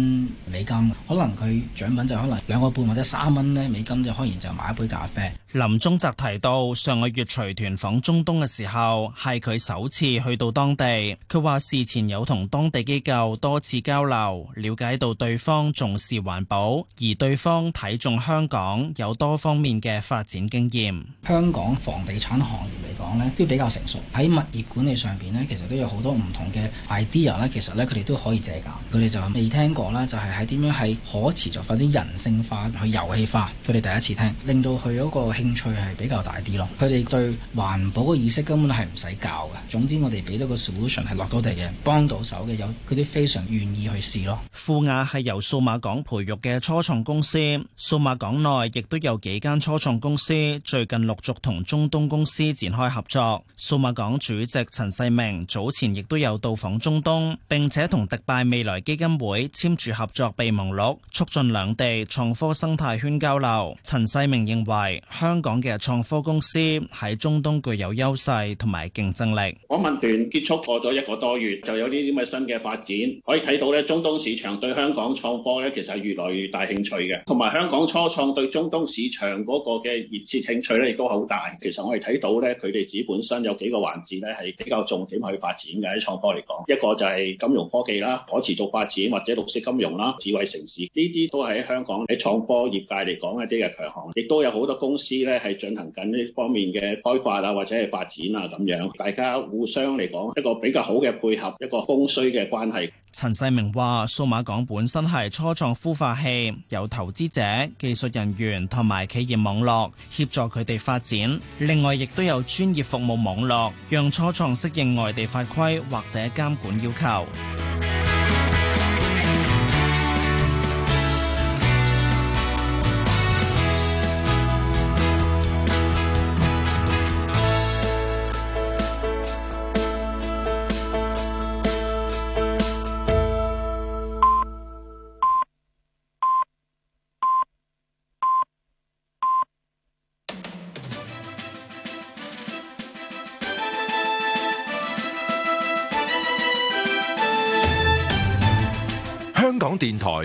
美金，可能佢獎品就可能兩個半或者三蚊呢美金就可以就買一杯咖啡。林宗澤提到，上個月隨團訪中東嘅時候，係佢首次去到當地。佢話事前有同當地機構多次交流，了解到對方重視環保，而對方睇中香港有多方面嘅發展經驗。香港房地產行業嚟講呢，都比較成熟，喺物業管理上邊呢，其實都有好多唔同嘅 idea 咧。其實呢，佢哋都可以借鑑，佢哋就未聽過啦。就係喺點樣係可持續，或者人性化去遊戲化，佢哋第一次聽，令到佢嗰個興趣係比較大啲咯。佢哋對環保嘅意識根本係唔使教嘅。總之我哋俾到個 solution 係落到地嘅，幫到手嘅有，佢哋非常願意去試咯。富雅係由數碼港培育嘅初創公司，數碼港內亦都有幾間初創公司最近陸續同中東公司展開合作。數碼港主席陳世明早前亦都有到訪中東，並且同迪拜未來基金會簽署合作備忘錄，促進兩地創科生態圈交流。陳世明認為，香港嘅創科公司喺中東具有優勢同埋競爭力。訪問團結束過咗一個多月，就有啲啲乜新嘅發展，可以睇到咧，中東市場對香港創科咧其實係愈來愈大興趣嘅，同埋香港初創對中東市場嗰個嘅熱切興趣咧亦都好大。其實我哋睇到咧，佢哋資本本身有幾個環節咧係比較重點去發展嘅，喺創科嚟講，一個就係金融科技啦、可持續發展或者綠色金融啦、智慧城市呢啲都係香港喺創科業界嚟講一啲嘅強項，亦都有好多公司咧係進行緊呢方面嘅開發啊，或者係發展啊咁樣，大家互相嚟講，一個比較好嘅配合，一個供需嘅關係。陳世明話：數碼港本身係初創孵化器，有投資者、技術人員同埋企業網絡協助佢哋發展。另外，亦都有專業服務網絡，讓初創適應外地法規或者監管要求。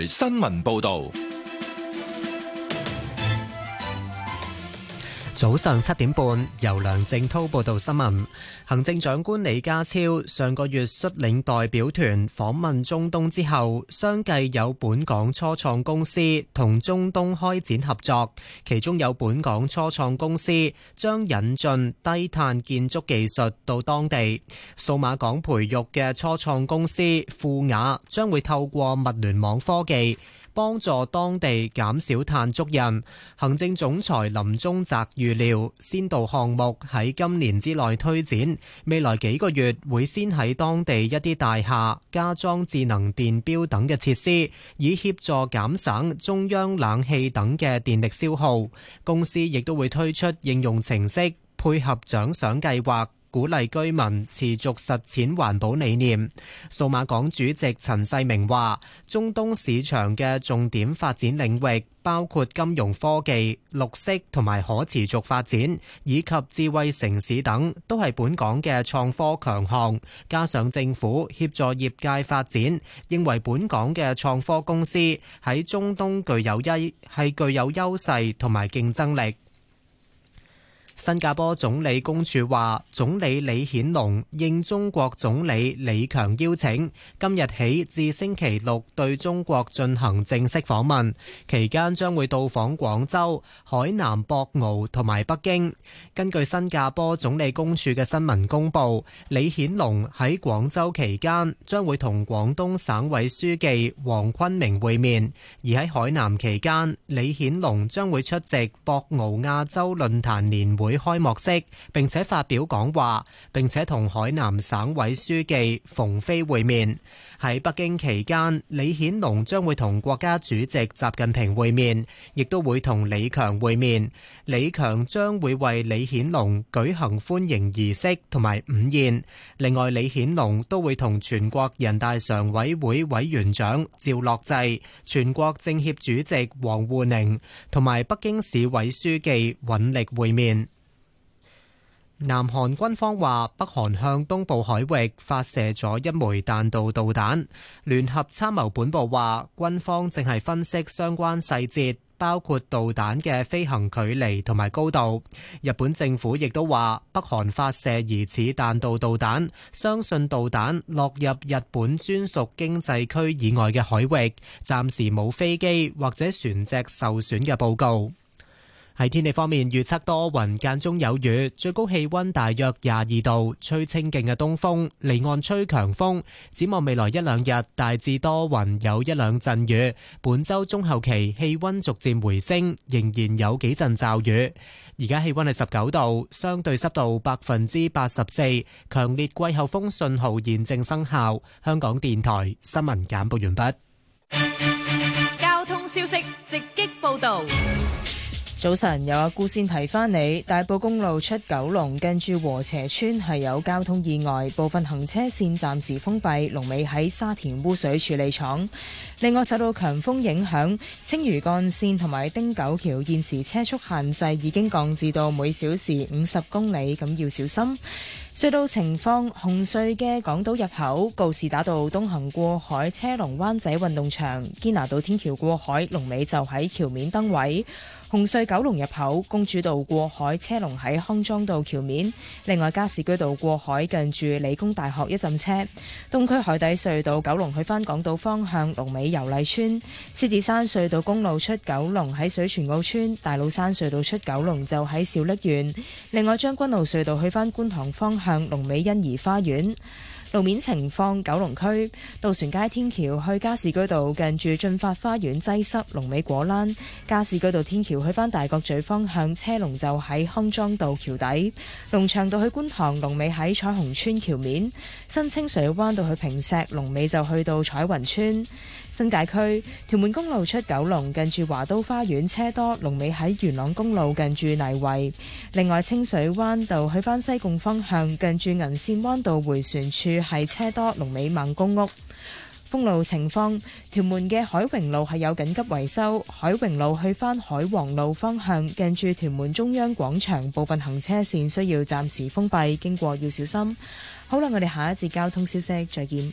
新聞報導。早上七點半，由梁正濤報道新聞。行政長官李家超上個月率領代表團訪問中東之後，相繼有本港初創公司同中東開展合作，其中有本港初創公司將引進低碳建築技術到當地。數碼港培育嘅初創公司富雅將會透過物聯網科技。幫助當地減少碳足印。行政總裁林宗澤預料，先導項目喺今年之內推展，未來幾個月會先喺當地一啲大廈加裝智能電表等嘅設施，以協助減省中央冷氣等嘅電力消耗。公司亦都會推出應用程式，配合獎賞計劃。鼓勵居民持續實踐環保理念。數碼港主席陳世明話，中東市場嘅重點發展領域包括金融科技、綠色同埋可持續發展，以及智慧城市等，都係本港嘅創科強項。加上政府協助業界發展，認為本港嘅創科公司喺中東具有一系具有優勢同埋競爭力。新加坡總理公署話，總理李顯龍應中國總理李強邀請，今日起至星期六對中國進行正式訪問，期間將會到訪廣州、海南博鰲同埋北京。根據新加坡總理公署嘅新聞公佈，李顯龍喺廣州期間將會同廣東省委書記黃坤明會面，而喺海南期間，李顯龍將會出席博鰲亞洲論壇年會。會開幕式，並且發表講話，並且同海南省委書記馮飛會面。喺北京期間，李顯龍將會同國家主席習近平會面，亦都會同李強會面。李強將會為李顯龍舉行歡迎儀式同埋午宴。另外，李顯龍都會同全國人大常委會委員長趙樂際、全國政協主席王滬寧同埋北京市委書記尹力會面。南韓軍方話北韓向東部海域發射咗一枚彈道導彈。聯合參謀本部話軍方正係分析相關細節，包括導彈嘅飛行距離同埋高度。日本政府亦都話北韓發射疑似彈道導彈，相信導彈落入日本專屬經濟區以外嘅海域，暫時冇飛機或者船隻受損嘅報告。喺天氣方面，預測多雲間中有雨，最高氣溫大約廿二度，吹清勁嘅東風，離岸吹強風。展望未來一兩日，大致多雲，有一兩陣雨。本周中後期氣溫逐漸回升，仍然有幾陣驟雨。而家氣溫係十九度，相對濕度百分之八十四，強烈季候風信號現正生效。香港電台新聞簡報完畢。交通消息直擊報道。早晨，有阿姑先提翻你，大埔公路出九龍近住和斜村係有交通意外，部分行車線暫時封閉，龍尾喺沙田污水處理廠。另外，受到強風影響，青嶼幹線同埋汀九橋現時車速限制已經降至到每小時五十公里，咁要小心隧道情況。紅隧嘅港島入口告士打道東行過海，車龍灣仔運動場堅拿道天橋過海，龍尾就喺橋面燈位。紅隧九龍入口公主道過海車龍喺康莊道橋面，另外加士居道過海近住理工大學一陣車，東區海底隧道九龍去返港島方向龍尾油麗村，獅子山隧道公路出九龍喺水泉澳村，大老山隧道出九龍就喺小瀝源，另外將軍澳隧道去返觀塘方向龍尾欣怡花園。路面情況：九龍區渡船街天橋去加士居道近住進發花園擠塞，龍尾果欄；加士居道天橋去返大角咀方向車龍就喺康莊道橋底；龍翔道去觀塘龍尾喺彩虹村橋面；新清水灣道去坪石龍尾就去到彩雲村。新界區屯門公路出九龍，近住華都花園車多，龍尾喺元朗公路近住泥圍。另外，清水灣道去返西貢方向，近住銀線灣道回旋處係車多，龍尾孟公屋。封路情況，屯門嘅海榮路係有緊急維修，海榮路去返海皇路方向，近住屯門中央廣場部分行車線需要暫時封閉，經過要小心。好啦，我哋下一節交通消息再見。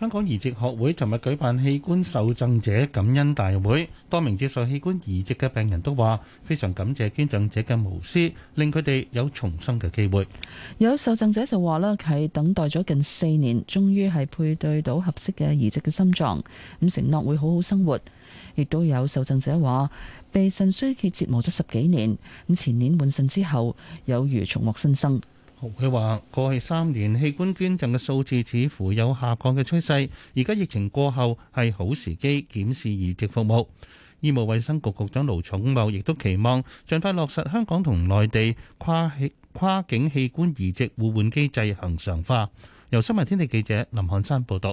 香港移植學會尋日舉辦器官受贈者感恩大會，多名接受器官移植嘅病人都話非常感謝捐贈者嘅無私，令佢哋有重生嘅機會。有受贈者就話啦，佢等待咗近四年，終於係配對到合適嘅移植嘅心臟，咁承諾會好好生活。亦都有受贈者話，被腎衰竭折磨咗十幾年，咁前年換腎之後，有如重獲新生。佢話：過去三年器官捐贈嘅數字似乎有下降嘅趨勢，而家疫情過後係好時機檢視移植服務。醫務衛生局局長盧寵茂亦都期望，儘快落實香港同內地跨跨境器官移植互換機制，恆常化。由新聞天地記者林漢山報道。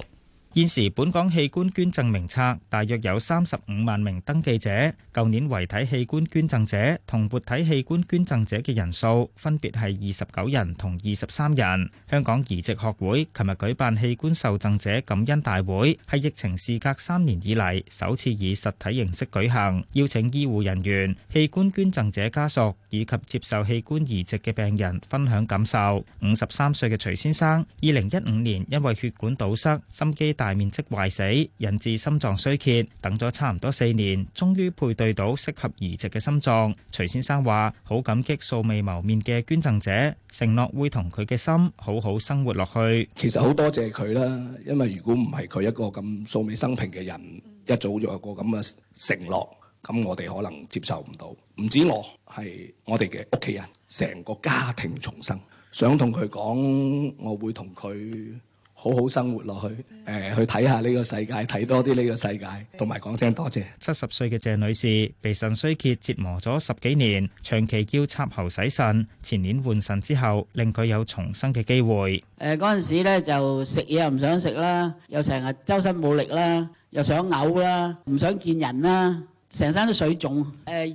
現時本港器官捐贈名冊大約有三十五萬名登記者，舊年遺體器官捐贈者同活體器官捐贈者嘅人數分別係二十九人同二十三人。香港移植學會琴日舉辦器官受贈者感恩大會，係疫情事隔三年以嚟首次以實體形式舉行，邀請醫護人員、器官捐贈者家屬以及接受器官移植嘅病人分享感受。五十三歲嘅徐先生，二零一五年因為血管堵塞、心肌大面積壞死，引致心臟衰竭。等咗差唔多四年，終於配對到適合移植嘅心臟。徐先生話：好感激素未謀面嘅捐贈者，承諾會同佢嘅心好好生活落去。其實好多謝佢啦，因為如果唔係佢一個咁素未生平嘅人，一早就有個咁嘅承諾，咁我哋可能接受唔到。唔止我係我哋嘅屋企人，成個家庭重生。想同佢講，我會同佢。好好生活落去，誒去睇下呢個世界，睇多啲呢個世界，同埋講聲多謝。七十歲嘅鄭女士被腎衰竭折磨咗十幾年，長期要插喉洗腎。前年換腎之後，令佢有重生嘅機會。誒嗰陣時咧，就食嘢又唔想食啦，又成日周身冇力啦，又想嘔啦，唔想見人啦，成身都水腫。誒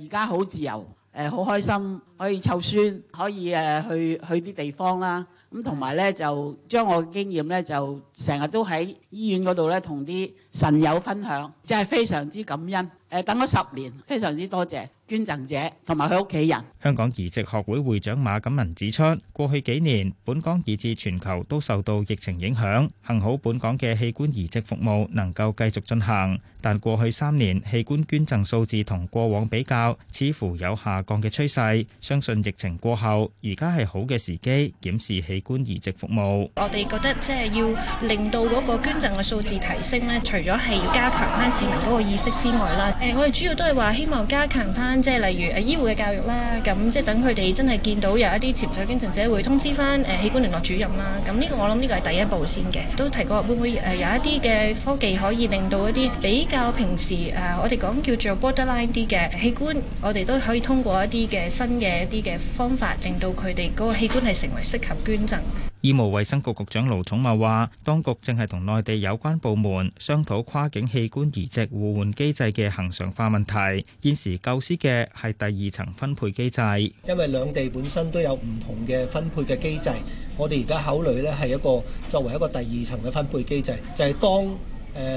而家好自由，誒好開心，可以湊孫，可以誒去去啲地方啦。咁同埋呢，就將我嘅經驗呢，就成日都喺醫院嗰度呢，同啲神友分享，真係非常之感恩。呃，等咗十年，非常之多謝。捐贈者同埋佢屋企人。香港移植學會會長馬錦文指出，過去幾年本港以至全球都受到疫情影響，幸好本港嘅器官移植服務能夠繼續進行。但過去三年器官捐贈數字同過往比較，似乎有下降嘅趨勢。相信疫情過後，而家係好嘅時機檢視器官移植服務。我哋覺得即係要令到嗰個捐贈嘅數字提升呢，除咗係要加強翻市民嗰個意識之外啦。誒，我哋主要都係話希望加強翻。即係例如誒醫護嘅教育啦，咁即係等佢哋真係見到有一啲潛在捐贈者，會通知翻誒器官聯絡主任啦。咁呢個我諗呢個係第一步先嘅。都提過會唔會誒有一啲嘅科技可以令到一啲比較平時誒我哋講叫做 borderline 啲嘅器官，我哋都可以通過一啲嘅新嘅一啲嘅方法，令到佢哋嗰個器官係成為適合捐贈。醫務衛生局局長盧寵茂話，當局正係同內地有關部門商討跨境器官移植互換機制嘅恆常化問題，現時構思嘅係第二層分配機制。因為兩地本身都有唔同嘅分配嘅機制，我哋而家考慮呢係一個作為一個第二層嘅分配機制，就係當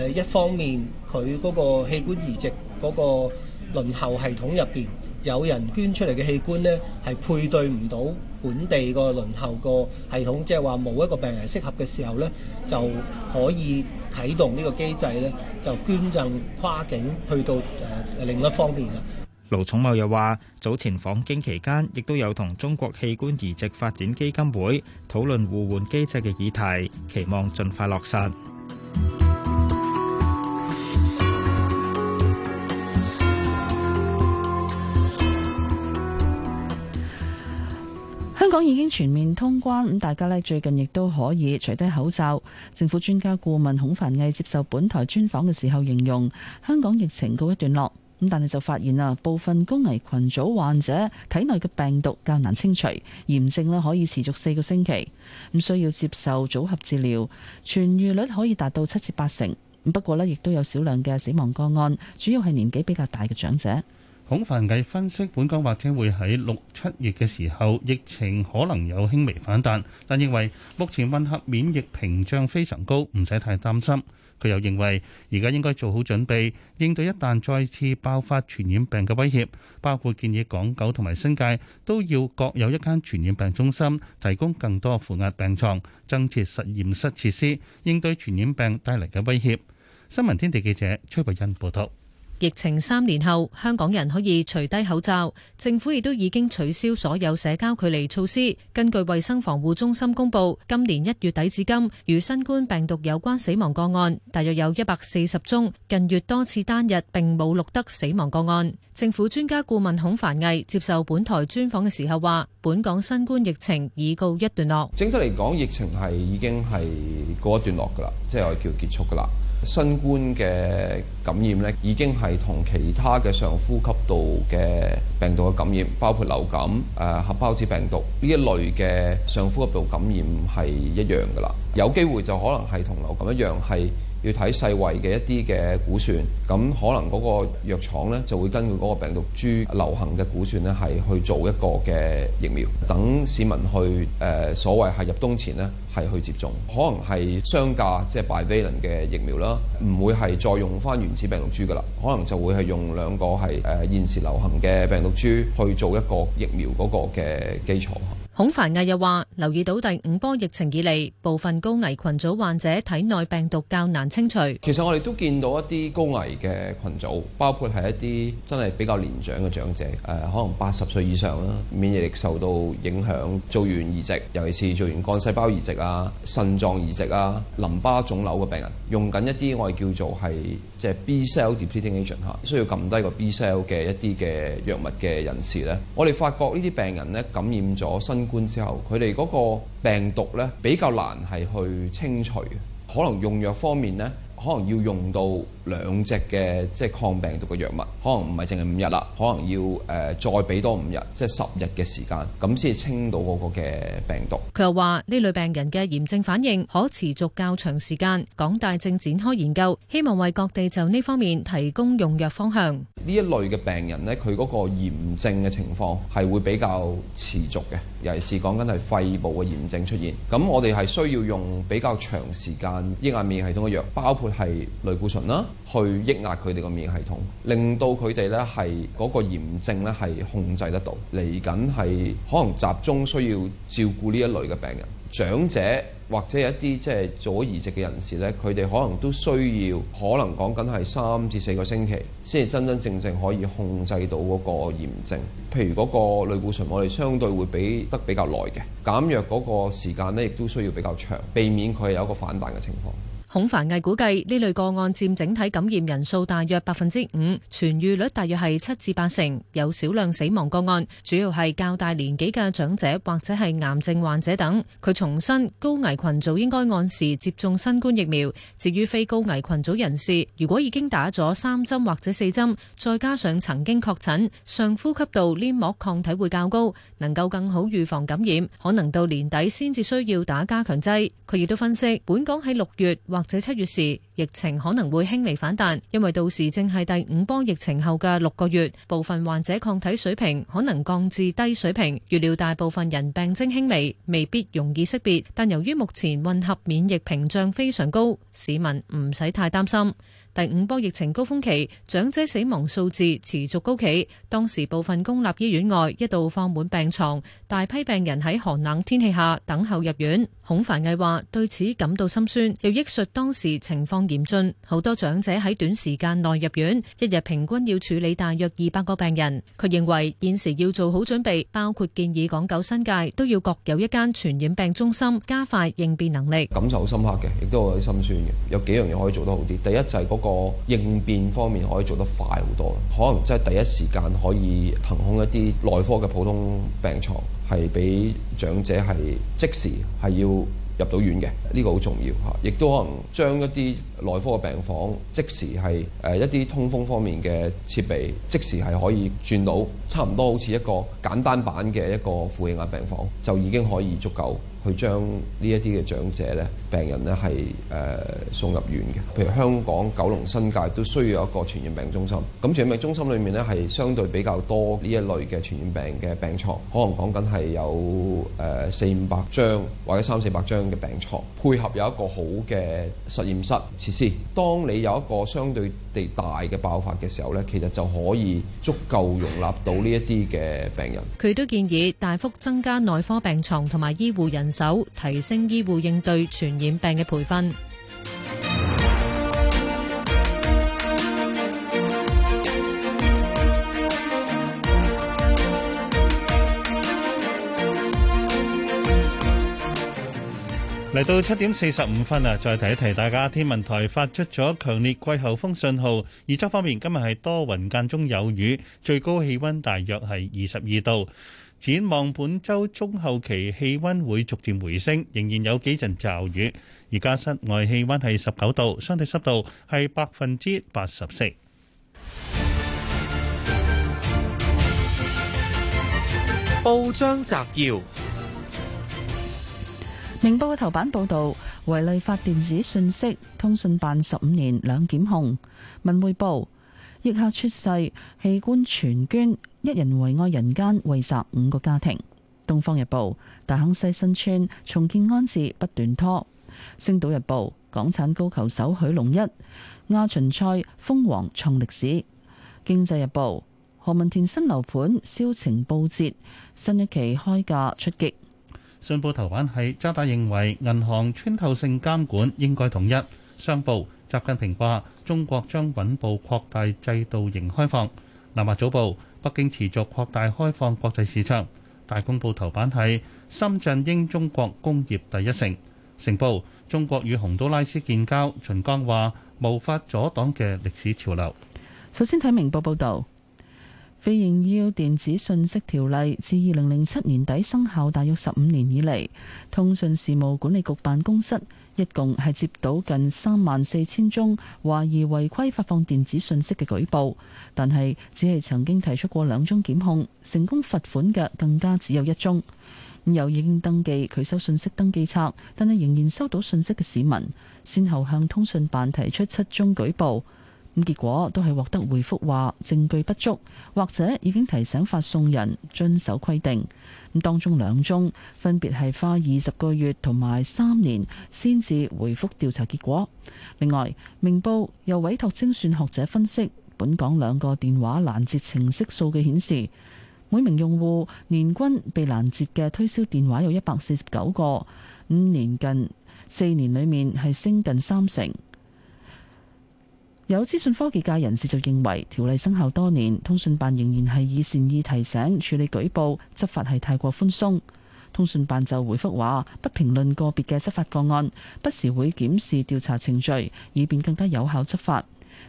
誒一方面佢嗰個器官移植嗰個輪候系統入邊。有人捐出嚟嘅器官呢，係配對唔到本地個輪候個系統，即係話冇一個病人適合嘅時候呢，就可以啟動呢個機制呢，就捐贈跨境去到誒、呃、另一方面啦。盧寵茂又話，早前訪京期間，亦都有同中國器官移植發展基金會討論互換機制嘅議題，期望盡快落實。香港已經全面通關，咁大家咧最近亦都可以除低口罩。政府專家顧問孔凡毅接受本台專訪嘅時候形容，香港疫情告一段落，咁但係就發現啊，部分高危群組患者體內嘅病毒較難清除，炎症咧可以持續四個星期，咁需要接受組合治療，痊愈率可以達到七至八成。不過咧，亦都有少量嘅死亡個案，主要係年紀比較大嘅長者。孔繁毅分析，本港或者會喺六七月嘅時候，疫情可能有輕微反彈，但認為目前混合免疫屏障非常高，唔使太擔心。佢又認為而家應該做好準備應對一旦再次爆發傳染病嘅威脅，包括建議港九同埋新界都要各有一間傳染病中心，提供更多負壓病床增設實驗室設施，應對傳染病帶嚟嘅威脅，新聞天地記者崔慧欣報道。疫情三年後，香港人可以除低口罩，政府亦都已經取消所有社交距離措施。根據衛生防護中心公布，今年一月底至今，與新冠病毒有關死亡個案大約有一百四十宗，近月多次單日並冇錄得死亡個案。政府專家顧問孔繁毅接受本台專訪嘅時候話，本港新冠疫情已告一段落。整體嚟講，疫情係已經係過一段落噶啦，即係我叫結束噶啦。新冠嘅感染呢，已經係同其他嘅上呼吸道嘅病毒嘅感染，包括流感、誒合胞子病毒呢一類嘅上呼吸道感染係一樣㗎啦，有機會就可能係同流感一樣，係。要睇世衞嘅一啲嘅估算，咁可能嗰個藥廠咧就會根據嗰個病毒株流行嘅估算呢，係去做一個嘅疫苗，等市民去誒、呃、所謂係入冬前呢，係去接種，可能係雙價即係拜 i v a l e n 嘅疫苗啦，唔會係再用翻原始病毒株噶啦，可能就會係用兩個係誒、呃、現時流行嘅病毒株去做一個疫苗嗰個嘅基礎。孔繁毅又話：留意到第五波疫情以嚟，部分高危群組患者體內病毒較難清除。其實我哋都見到一啲高危嘅群組，包括係一啲真係比較年長嘅長者，誒、呃、可能八十歲以上啦，免疫力受到影響，做完移植，尤其是做完幹細胞移植啊、腎臟移植啊、淋巴腫瘤嘅病人，用緊一啲我哋叫做係，即係 B cell depleting agent 需要撳低個 B cell 嘅一啲嘅藥物嘅人士呢，我哋發覺呢啲病人咧，感染咗新冠之後，佢哋嗰個病毒呢，比較難係去清除，可能用藥方面呢。可能要用到兩隻嘅即係抗病毒嘅藥物，可能唔係淨係五日啦，可能要誒再俾多五日，即係十日嘅時間，咁先至清到嗰個嘅病毒。佢又話：呢類病人嘅炎症反應可持續較長時間，港大正展開研究，希望為各地就呢方面提供用藥方向。呢一類嘅病人咧，佢嗰個炎症嘅情況係會比較持續嘅，尤其是講緊係肺部嘅炎症出現。咁我哋係需要用比較長時間抑壓免疫系統嘅藥，包括。係類固醇啦，去抑壓佢哋個免疫系統，令到佢哋呢係嗰個炎症呢係控制得到。嚟緊係可能集中需要照顧呢一類嘅病人，長者或者一啲即係做移植嘅人士呢，佢哋可能都需要，可能講緊係三至四個星期先至真真正正可以控制到嗰個炎症。譬如嗰個類固醇，我哋相對會畀得比較耐嘅，減藥嗰個時間呢，亦都需要比較長，避免佢有一個反彈嘅情況。孔繁毅估計呢類個案佔整體感染人數大約百分之五，痊愈率大約係七至八成，有少量死亡個案，主要係較大年紀嘅長者或者係癌症患者等。佢重申高危群組應該按時接種新冠疫苗。至於非高危群組人士，如果已經打咗三針或者四針，再加上曾經確診，上呼吸道黏膜抗體會較高，能夠更好預防感染，可能到年底先至需要打加強劑。佢亦都分析，本港喺六月或或者七月時，疫情可能會輕微反彈，因為到時正係第五波疫情後嘅六個月，部分患者抗體水平可能降至低水平。預料大部分人病徵輕微，未必容易識別，但由於目前混合免疫屏障非常高，市民唔使太擔心。第五波疫情高峰期，長者死亡數字持續高企。當時部分公立醫院外一度放滿病床，大批病人喺寒冷天氣下等候入院。孔凡毅話對此感到心酸，又憶述當時情況嚴峻，好多長者喺短時間內入院，一日平均要處理大約二百個病人。佢認為現時要做好準備，包括建議港九新界都要各有一間傳染病中心，加快應變能力。感受好深刻嘅，亦都好有心酸嘅。有幾樣嘢可以做得好啲。第一就係、是。個應變方面可以做得快好多，可能真係第一時間可以騰空一啲內科嘅普通病床，係畀長者係即時係要入到院嘅，呢個好重要嚇，亦都可能將一啲。內科嘅病房，即時係誒、呃、一啲通風方面嘅設備，即時係可以轉到，差唔多好似一個簡單版嘅一個負壓病房，就已經可以足夠去將呢一啲嘅長者咧、病人咧係誒送入院嘅。譬如香港九龍新界都需要一個傳染病中心，咁傳染病中心裏面咧係相對比較多呢一類嘅傳染病嘅病床。可能講緊係有誒四五百張或者三四百張嘅病床，配合有一個好嘅實驗室。當你有一個相對地大嘅爆發嘅時候呢，其實就可以足夠容納到呢一啲嘅病人。佢都建議大幅增加內科病床同埋醫護人手，提升醫護應對傳染病嘅培訓。嚟到七點四十五分啊，再提一提大家，天文台發出咗強烈季候風信號。預測方面，今日係多雲間中有雨，最高氣溫大約係二十二度。展望本周中後期，氣溫會逐漸回升，仍然有幾陣驟雨。而家室外氣溫係十九度，相對濕度係百分之八十四。報章摘要。明報嘅頭版報導，違例發電子訊息通訊辦十五年兩檢控。文匯報，疫客出世，器官全捐，一人遺愛人間，慰藉五個家庭。東方日報，大坑西新村重建安置不斷拖。星島日報，港產高球手許龍一亞巡賽封王創歷史。經濟日報，何文田新樓盤銷情報捷，新一期開價出擊。信報頭版，係渣打認為銀行穿透性監管應該統一。商報，習近平話中國將穩步擴大制度型開放。南華早報，北京持續擴大開放國際市場。大公報頭版，係深圳英中國工業第一城。成報，中國與洪都拉斯建交。秦剛話無法阻擋嘅歷史潮流。首先睇明報報道。《非應邀電子信息條例》自二零零七年底生效，大約十五年以嚟，通訊事務管理局辦公室一共係接到近三萬四千宗懷疑違規發放電子信息嘅舉報，但係只係曾經提出過兩宗檢控，成功罰款嘅更加只有一宗。有已經登記拒收信息登記冊，但係仍然收到信息嘅市民，先後向通訊辦提出七宗舉報。咁結果都係獲得回覆，話證據不足，或者已經提醒發送人遵守規定。咁當中兩宗分別係花二十個月同埋三年先至回覆調查結果。另外，《明報》又委託精算學者分析本港兩個電話攔截程式數據顯示，每名用戶年均被攔截嘅推銷電話有一百四十九個，五年近四年裏面係升近三成。有資訊科技界人士就認為，條例生效多年，通訊辦仍然係以善意提醒處理舉報，執法係太過寬鬆。通訊辦就回覆話：不評論個別嘅執法個案，不時會檢視調查程序，以便更加有效執法。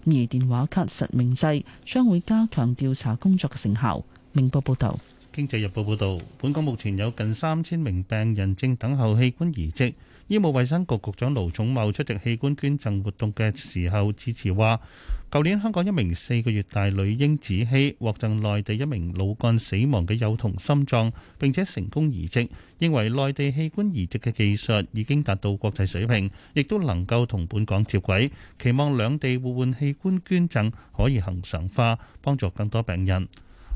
而電話卡實名制將會加強調查工作嘅成效。明報報道。《經濟日報》報道，本港目前有近三千名病人正等候器官移植。醫務衛生局局長盧寵茂出席器官捐贈活動嘅時候致辭，話舊年香港一名四個月大女嬰子希獲贈內地一名腦幹死亡嘅幼童心臟，並且成功移植，認為內地器官移植嘅技術已經達到國際水平，亦都能夠同本港接軌，期望兩地互換器官捐贈可以恆常化，幫助更多病人。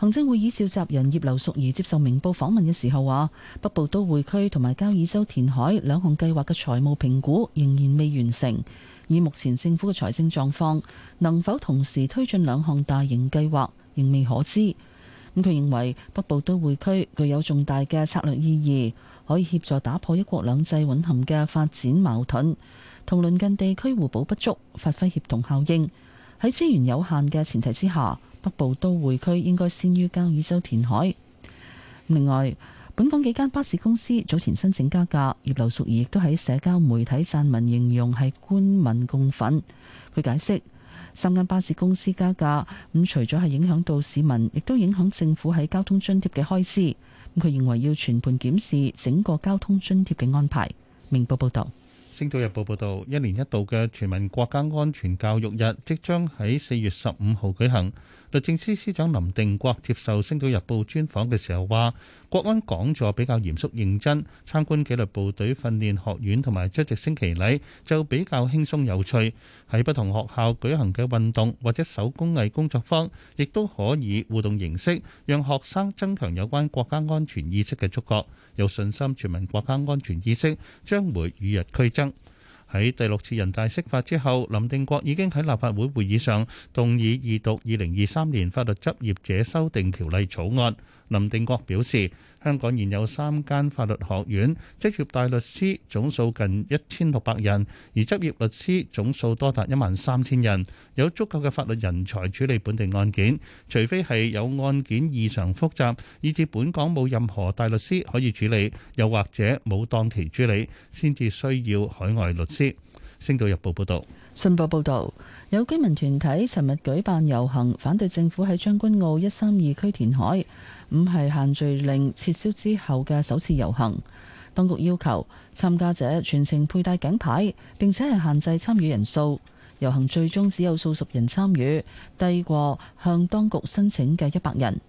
行政會議召集人葉劉淑儀接受明報訪問嘅時候話：北部都會區同埋交椅洲填海兩項計劃嘅財務評估仍然未完成，以目前政府嘅財政狀況，能否同時推進兩項大型計劃，仍未可知。咁佢認為北部都會區具有重大嘅策略意義，可以協助打破一國兩制隱含嘅發展矛盾，同鄰近地區互補不足，發揮協同效應。喺資源有限嘅前提之下，北部都會區應該先於交椅洲填海。另外，本港幾間巴士公司早前申請加價，葉劉淑儀亦都喺社交媒體撰文形容係官民共憤。佢解釋三間巴士公司加價咁，除咗係影響到市民，亦都影響政府喺交通津貼嘅開支。咁佢認為要全盤檢視整個交通津貼嘅安排。明報報導，《星島日報》報道：一年一度嘅全民國家安全教育日即將喺四月十五號舉行。律政司司長林定國接受《星島日報》專訪嘅時候話，國安講座比較嚴肅認真，參觀紀律部隊訓練學院同埋出席升旗禮就比較輕鬆有趣。喺不同學校舉行嘅運動或者手工藝工作坊，亦都可以互動形式，讓學生增強有關國家安全意識嘅觸覺，有信心全民國家安全意識將會與日俱增。喺第六次人大釋法之後，林定國已經喺立法會會議上動議二讀《二零二三年法律執業者修訂條例草案》。林定國表示，香港現有三間法律學院，執業大律師總數近一千六百人，而執業律師總數多達一萬三千人，有足夠嘅法律人才處理本地案件。除非係有案件異常複雜，以致本港冇任何大律師可以處理，又或者冇當期處理，先至需要海外律師。星島日報報道。信報報道，有居民團體尋日舉辦遊行，反對政府喺將軍澳一三二區填海。五係限聚令撤銷之後嘅首次遊行，當局要求參加者全程佩戴頸牌，並且係限制參與人數，遊行最終只有數十人參與，低過向當局申請嘅一百人。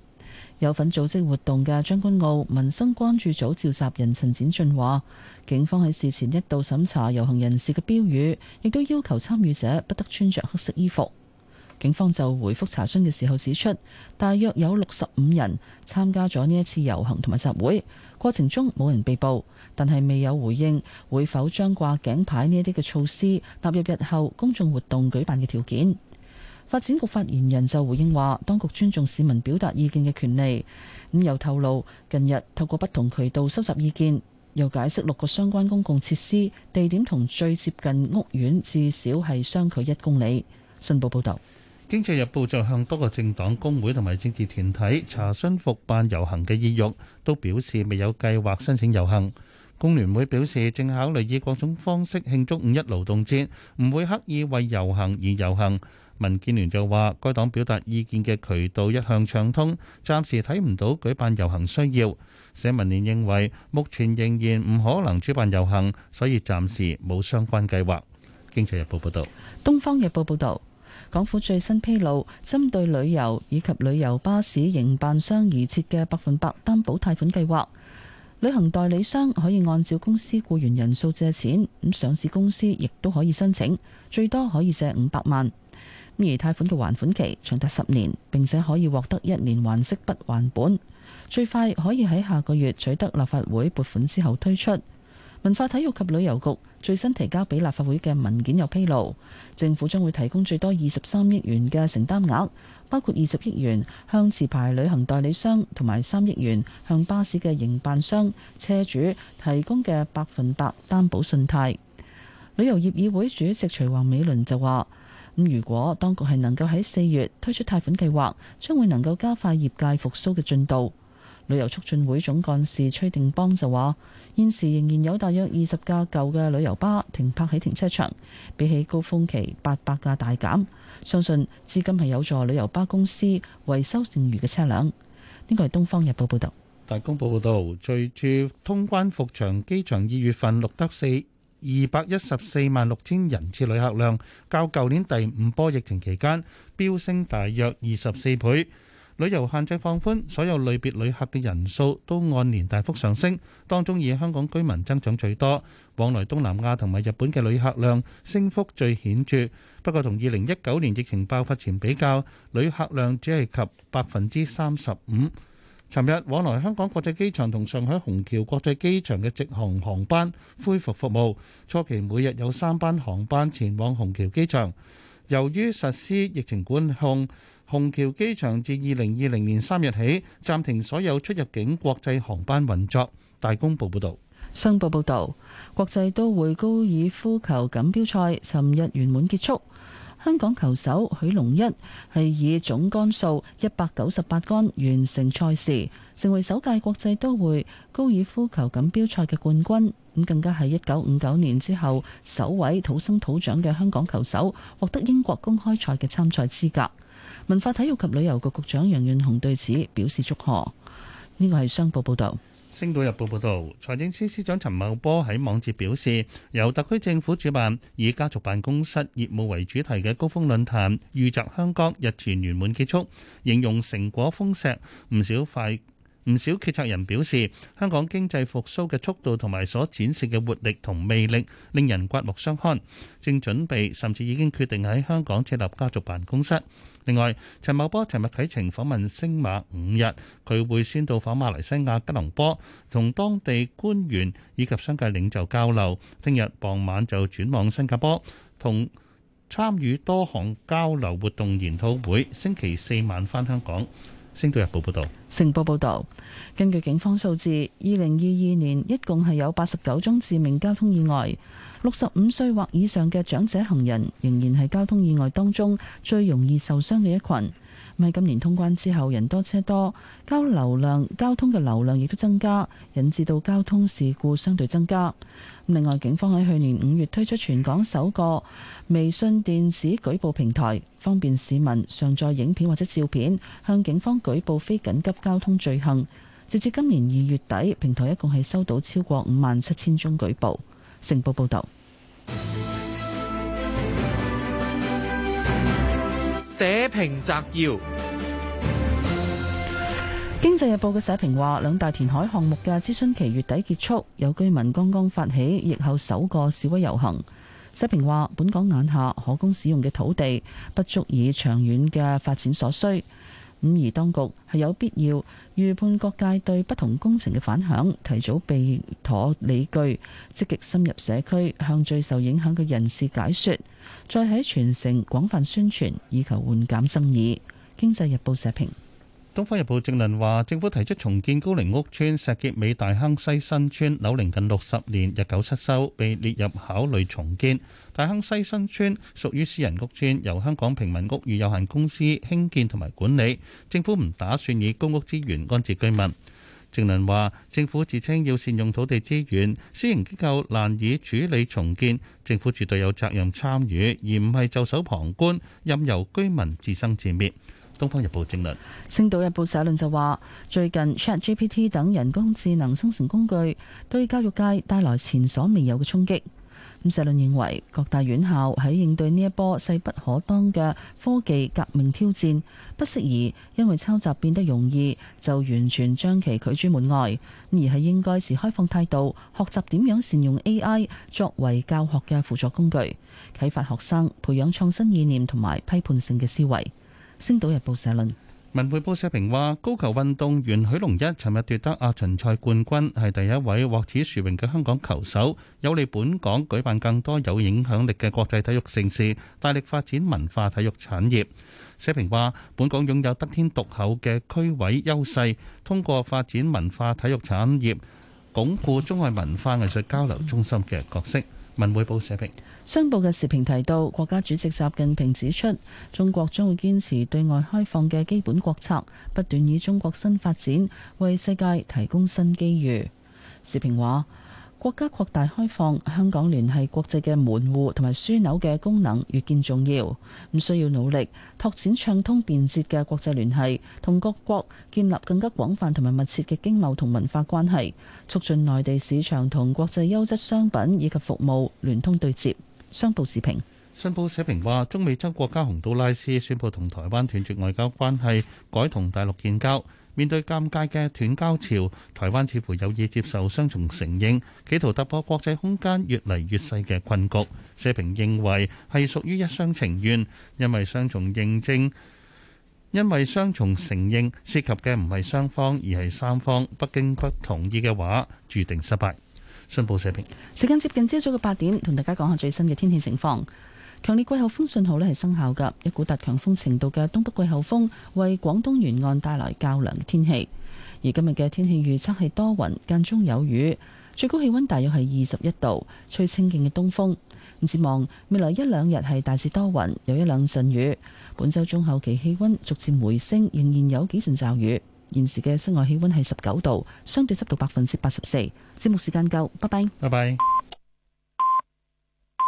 有份組織活動嘅將軍澳民生關注組召集人陳展俊話，警方喺事前一度審查遊行人士嘅標語，亦都要求參與者不得穿着黑色衣服。警方就回覆查詢嘅時候指出，大約有六十五人參加咗呢一次遊行同埋集會，過程中冇人被捕，但係未有回應會否將掛頸牌呢一啲嘅措施納入日後公眾活動舉辦嘅條件。發展局發言人就回應話，當局尊重市民表達意見嘅權利。咁又透露，近日透過不同渠道收集意見，又解釋六個相關公共設施地點同最接近屋苑至少係相距一公里。信報報道。《經濟日報》就向多個政黨、工會同埋政治團體查詢復辦遊行嘅意欲，都表示未有計劃申請遊行。工聯會表示正考慮以各種方式慶祝五一勞動節，唔會刻意為遊行而遊行。民建聯就話，該黨表達意見嘅渠道一向暢通，暫時睇唔到舉辦遊行需要。社民連認為目前仍然唔可能主辦遊行，所以暫時冇相關計劃。《經濟日報》報導，《東方日報》報導。港府最新披露，針對旅遊以及旅遊巴士營辦商而設嘅百分百擔保貸款計劃，旅行代理商可以按照公司僱員人數借錢，咁上市公司亦都可以申請，最多可以借五百萬，而貸款嘅還款期長達十年，並且可以獲得一年還息不還本，最快可以喺下個月取得立法會撥款之後推出。文化體育及旅遊局最新提交俾立法會嘅文件有披露，政府將會提供最多二十三億元嘅承擔額，包括二十億元向持牌旅行代理商同埋三億元向巴士嘅營辦商車主提供嘅百分百擔保信貸。旅遊業議會主席徐華美倫就話：咁如果當局係能夠喺四月推出貸款計劃，將會能夠加快業界復甦嘅進度。旅遊促進會總幹事崔定邦就話。現時仍然有大約二十架舊嘅旅遊巴停泊喺停車場，比起高峰期八百架大減。相信至今係有助旅遊巴公司維修剩餘嘅車輛。呢個係《東方日報》報道。大公報報道，隨住通關復場，機場二月份錄得四二百一十四萬六千人次旅客量，較舊年第五波疫情期間飆升大約二十四倍。旅遊限制放寬，所有類別旅客嘅人數都按年大幅上升，當中以香港居民增長最多。往來東南亞同埋日本嘅旅客量升幅最顯著，不過同二零一九年疫情爆發前比較，旅客量只係及百分之三十五。尋日往來香港國際機場同上海虹橋國際機場嘅直航航班恢復服，服務，初期每日有三班航班前往虹橋機場。由於實施疫情管控。虹橋機場自二零二零年三日起暫停所有出入境國際航班運作。大公報報道，商報報道，國際都會高爾夫球錦標賽尋日圓滿結束。香港球手許龍一係以總杆數一百九十八杆完成賽事，成為首屆國際都會高爾夫球錦標賽嘅冠軍。咁更加係一九五九年之後首位土生土長嘅香港球手獲得英國公開賽嘅參賽資格。文化體育及旅遊局局長楊潤雄對此表示祝賀。呢個係商報報道。《星島日報》報道，財政司司長陳茂波喺網誌表示，由特區政府主辦、以家族辦公室業務為主題嘅高峰論壇，預擇香港日前圓滿結束，形容成果豐碩，唔少快。唔少決策人表示，香港經濟復甦嘅速度同埋所展示嘅活力同魅力，令人刮目相看。正準備甚至已經決定喺香港設立家族辦公室。另外，陳茂波尋日啟程訪問星馬五日，佢會先到訪馬來西亞吉隆坡，同當地官員以及商界領袖交流。聽日傍晚就轉往新加坡，同參與多項交流活動研討會。星期四晚返香港。星島日報報道，成報道，根據警方數字，二零二二年一共係有八十九宗致命交通意外，六十五歲或以上嘅長者行人仍然係交通意外當中最容易受傷嘅一群。喺今年通關之後，人多車多，交流量、交通嘅流量亦都增加，引致到交通事故相對增加。另外，警方喺去年五月推出全港首個微信電子舉報平台，方便市民上載影片或者照片向警方舉報非緊急交通罪行。直至今年二月底，平台一共係收到超過五萬七千宗舉報。《成報》報道：寫評摘要。經濟日報嘅社評話，兩大填海項目嘅諮詢期月底結束，有居民剛剛發起疫後首個示威遊行。社評話，本港眼下可供使用嘅土地不足以長遠嘅發展所需，五而當局係有必要預判各界對不同工程嘅反響，提早備妥理據，積極深入社區向最受影響嘅人士解說，再喺全城廣泛宣傳，以求緩減爭議。經濟日報社評。《東方日報》正論話，政府提出重建高齡屋村、石硤尾大坑西新村，樓齡近六十年，日久失修，被列入考慮重建。大坑西新村屬於私人屋村，由香港平民屋宇有限公司興建同埋管理。政府唔打算以公屋資源安置居民。正論話，政府自稱要善用土地資源，私營機構難以處理重建，政府絕對有責任參與，而唔係袖手旁觀，任由居民自生自滅。《東方日報》正論，《星島日報》社論就話：最近 ChatGPT 等人工智能生成工具對教育界帶來前所未有的衝擊。社論認為，各大院校喺應對呢一波勢不可當嘅科技革命挑戰，不適宜因為抄襲變得容易就完全將其拒諸門外，而係應該持開放態度，學習點樣善用 AI 作為教學嘅輔助工具，啟發學生培養創新意念同埋批判性嘅思維。《星島日報》社論：文匯報社評話，高球運動員許龍一尋日奪得亞巡賽冠軍，係第一位獲此殊榮嘅香港球手，有利本港舉辦更多有影響力嘅國際體育盛事，大力發展文化體育產業。社評話，本港擁有得天獨厚嘅區位優勢，通過發展文化體育產業，鞏固中外文化藝術交流中心嘅角色。文匯報社評。商報嘅視頻提到，國家主席習近平指出，中國將會堅持對外開放嘅基本國策，不斷以中國新發展為世界提供新機遇。視頻話，國家擴大開放，香港聯繫國際嘅門戶同埋樞紐嘅功能越見重要，唔需要努力拓展暢通便捷嘅國際聯繫，同各國建立更加廣泛同埋密切嘅經貿同文化關係，促進內地市場同國際優質商品以及服務聯通對接。商報時評，商報社評話，中美洲國家洪都拉斯宣布同台灣斷絕外交關係，改同大陸建交。面對尷尬嘅斷交潮，台灣似乎有意接受雙重承認，企圖突破國際空間越嚟越細嘅困局。社評認為係屬於一廂情願，因為雙重認證，因為雙重承認涉及嘅唔係雙方而係三方，北京不同意嘅話，注定失敗。信報社評，時間接近朝早嘅八點，同大家講下最新嘅天氣情況。強烈季候風信號咧係生效嘅，一股達強風程度嘅東北季候風為廣東沿岸帶來較涼嘅天氣。而今日嘅天氣預測係多雲間中有雨，最高氣温大約係二十一度，吹清勁嘅東風。咁展望未來一兩日係大致多雲，有一兩陣雨。本週中後期氣温逐漸回升，仍然有幾陣驟雨。現時嘅室外氣溫係十九度，相對濕度百分之八十四。節目時間夠，拜拜。拜拜。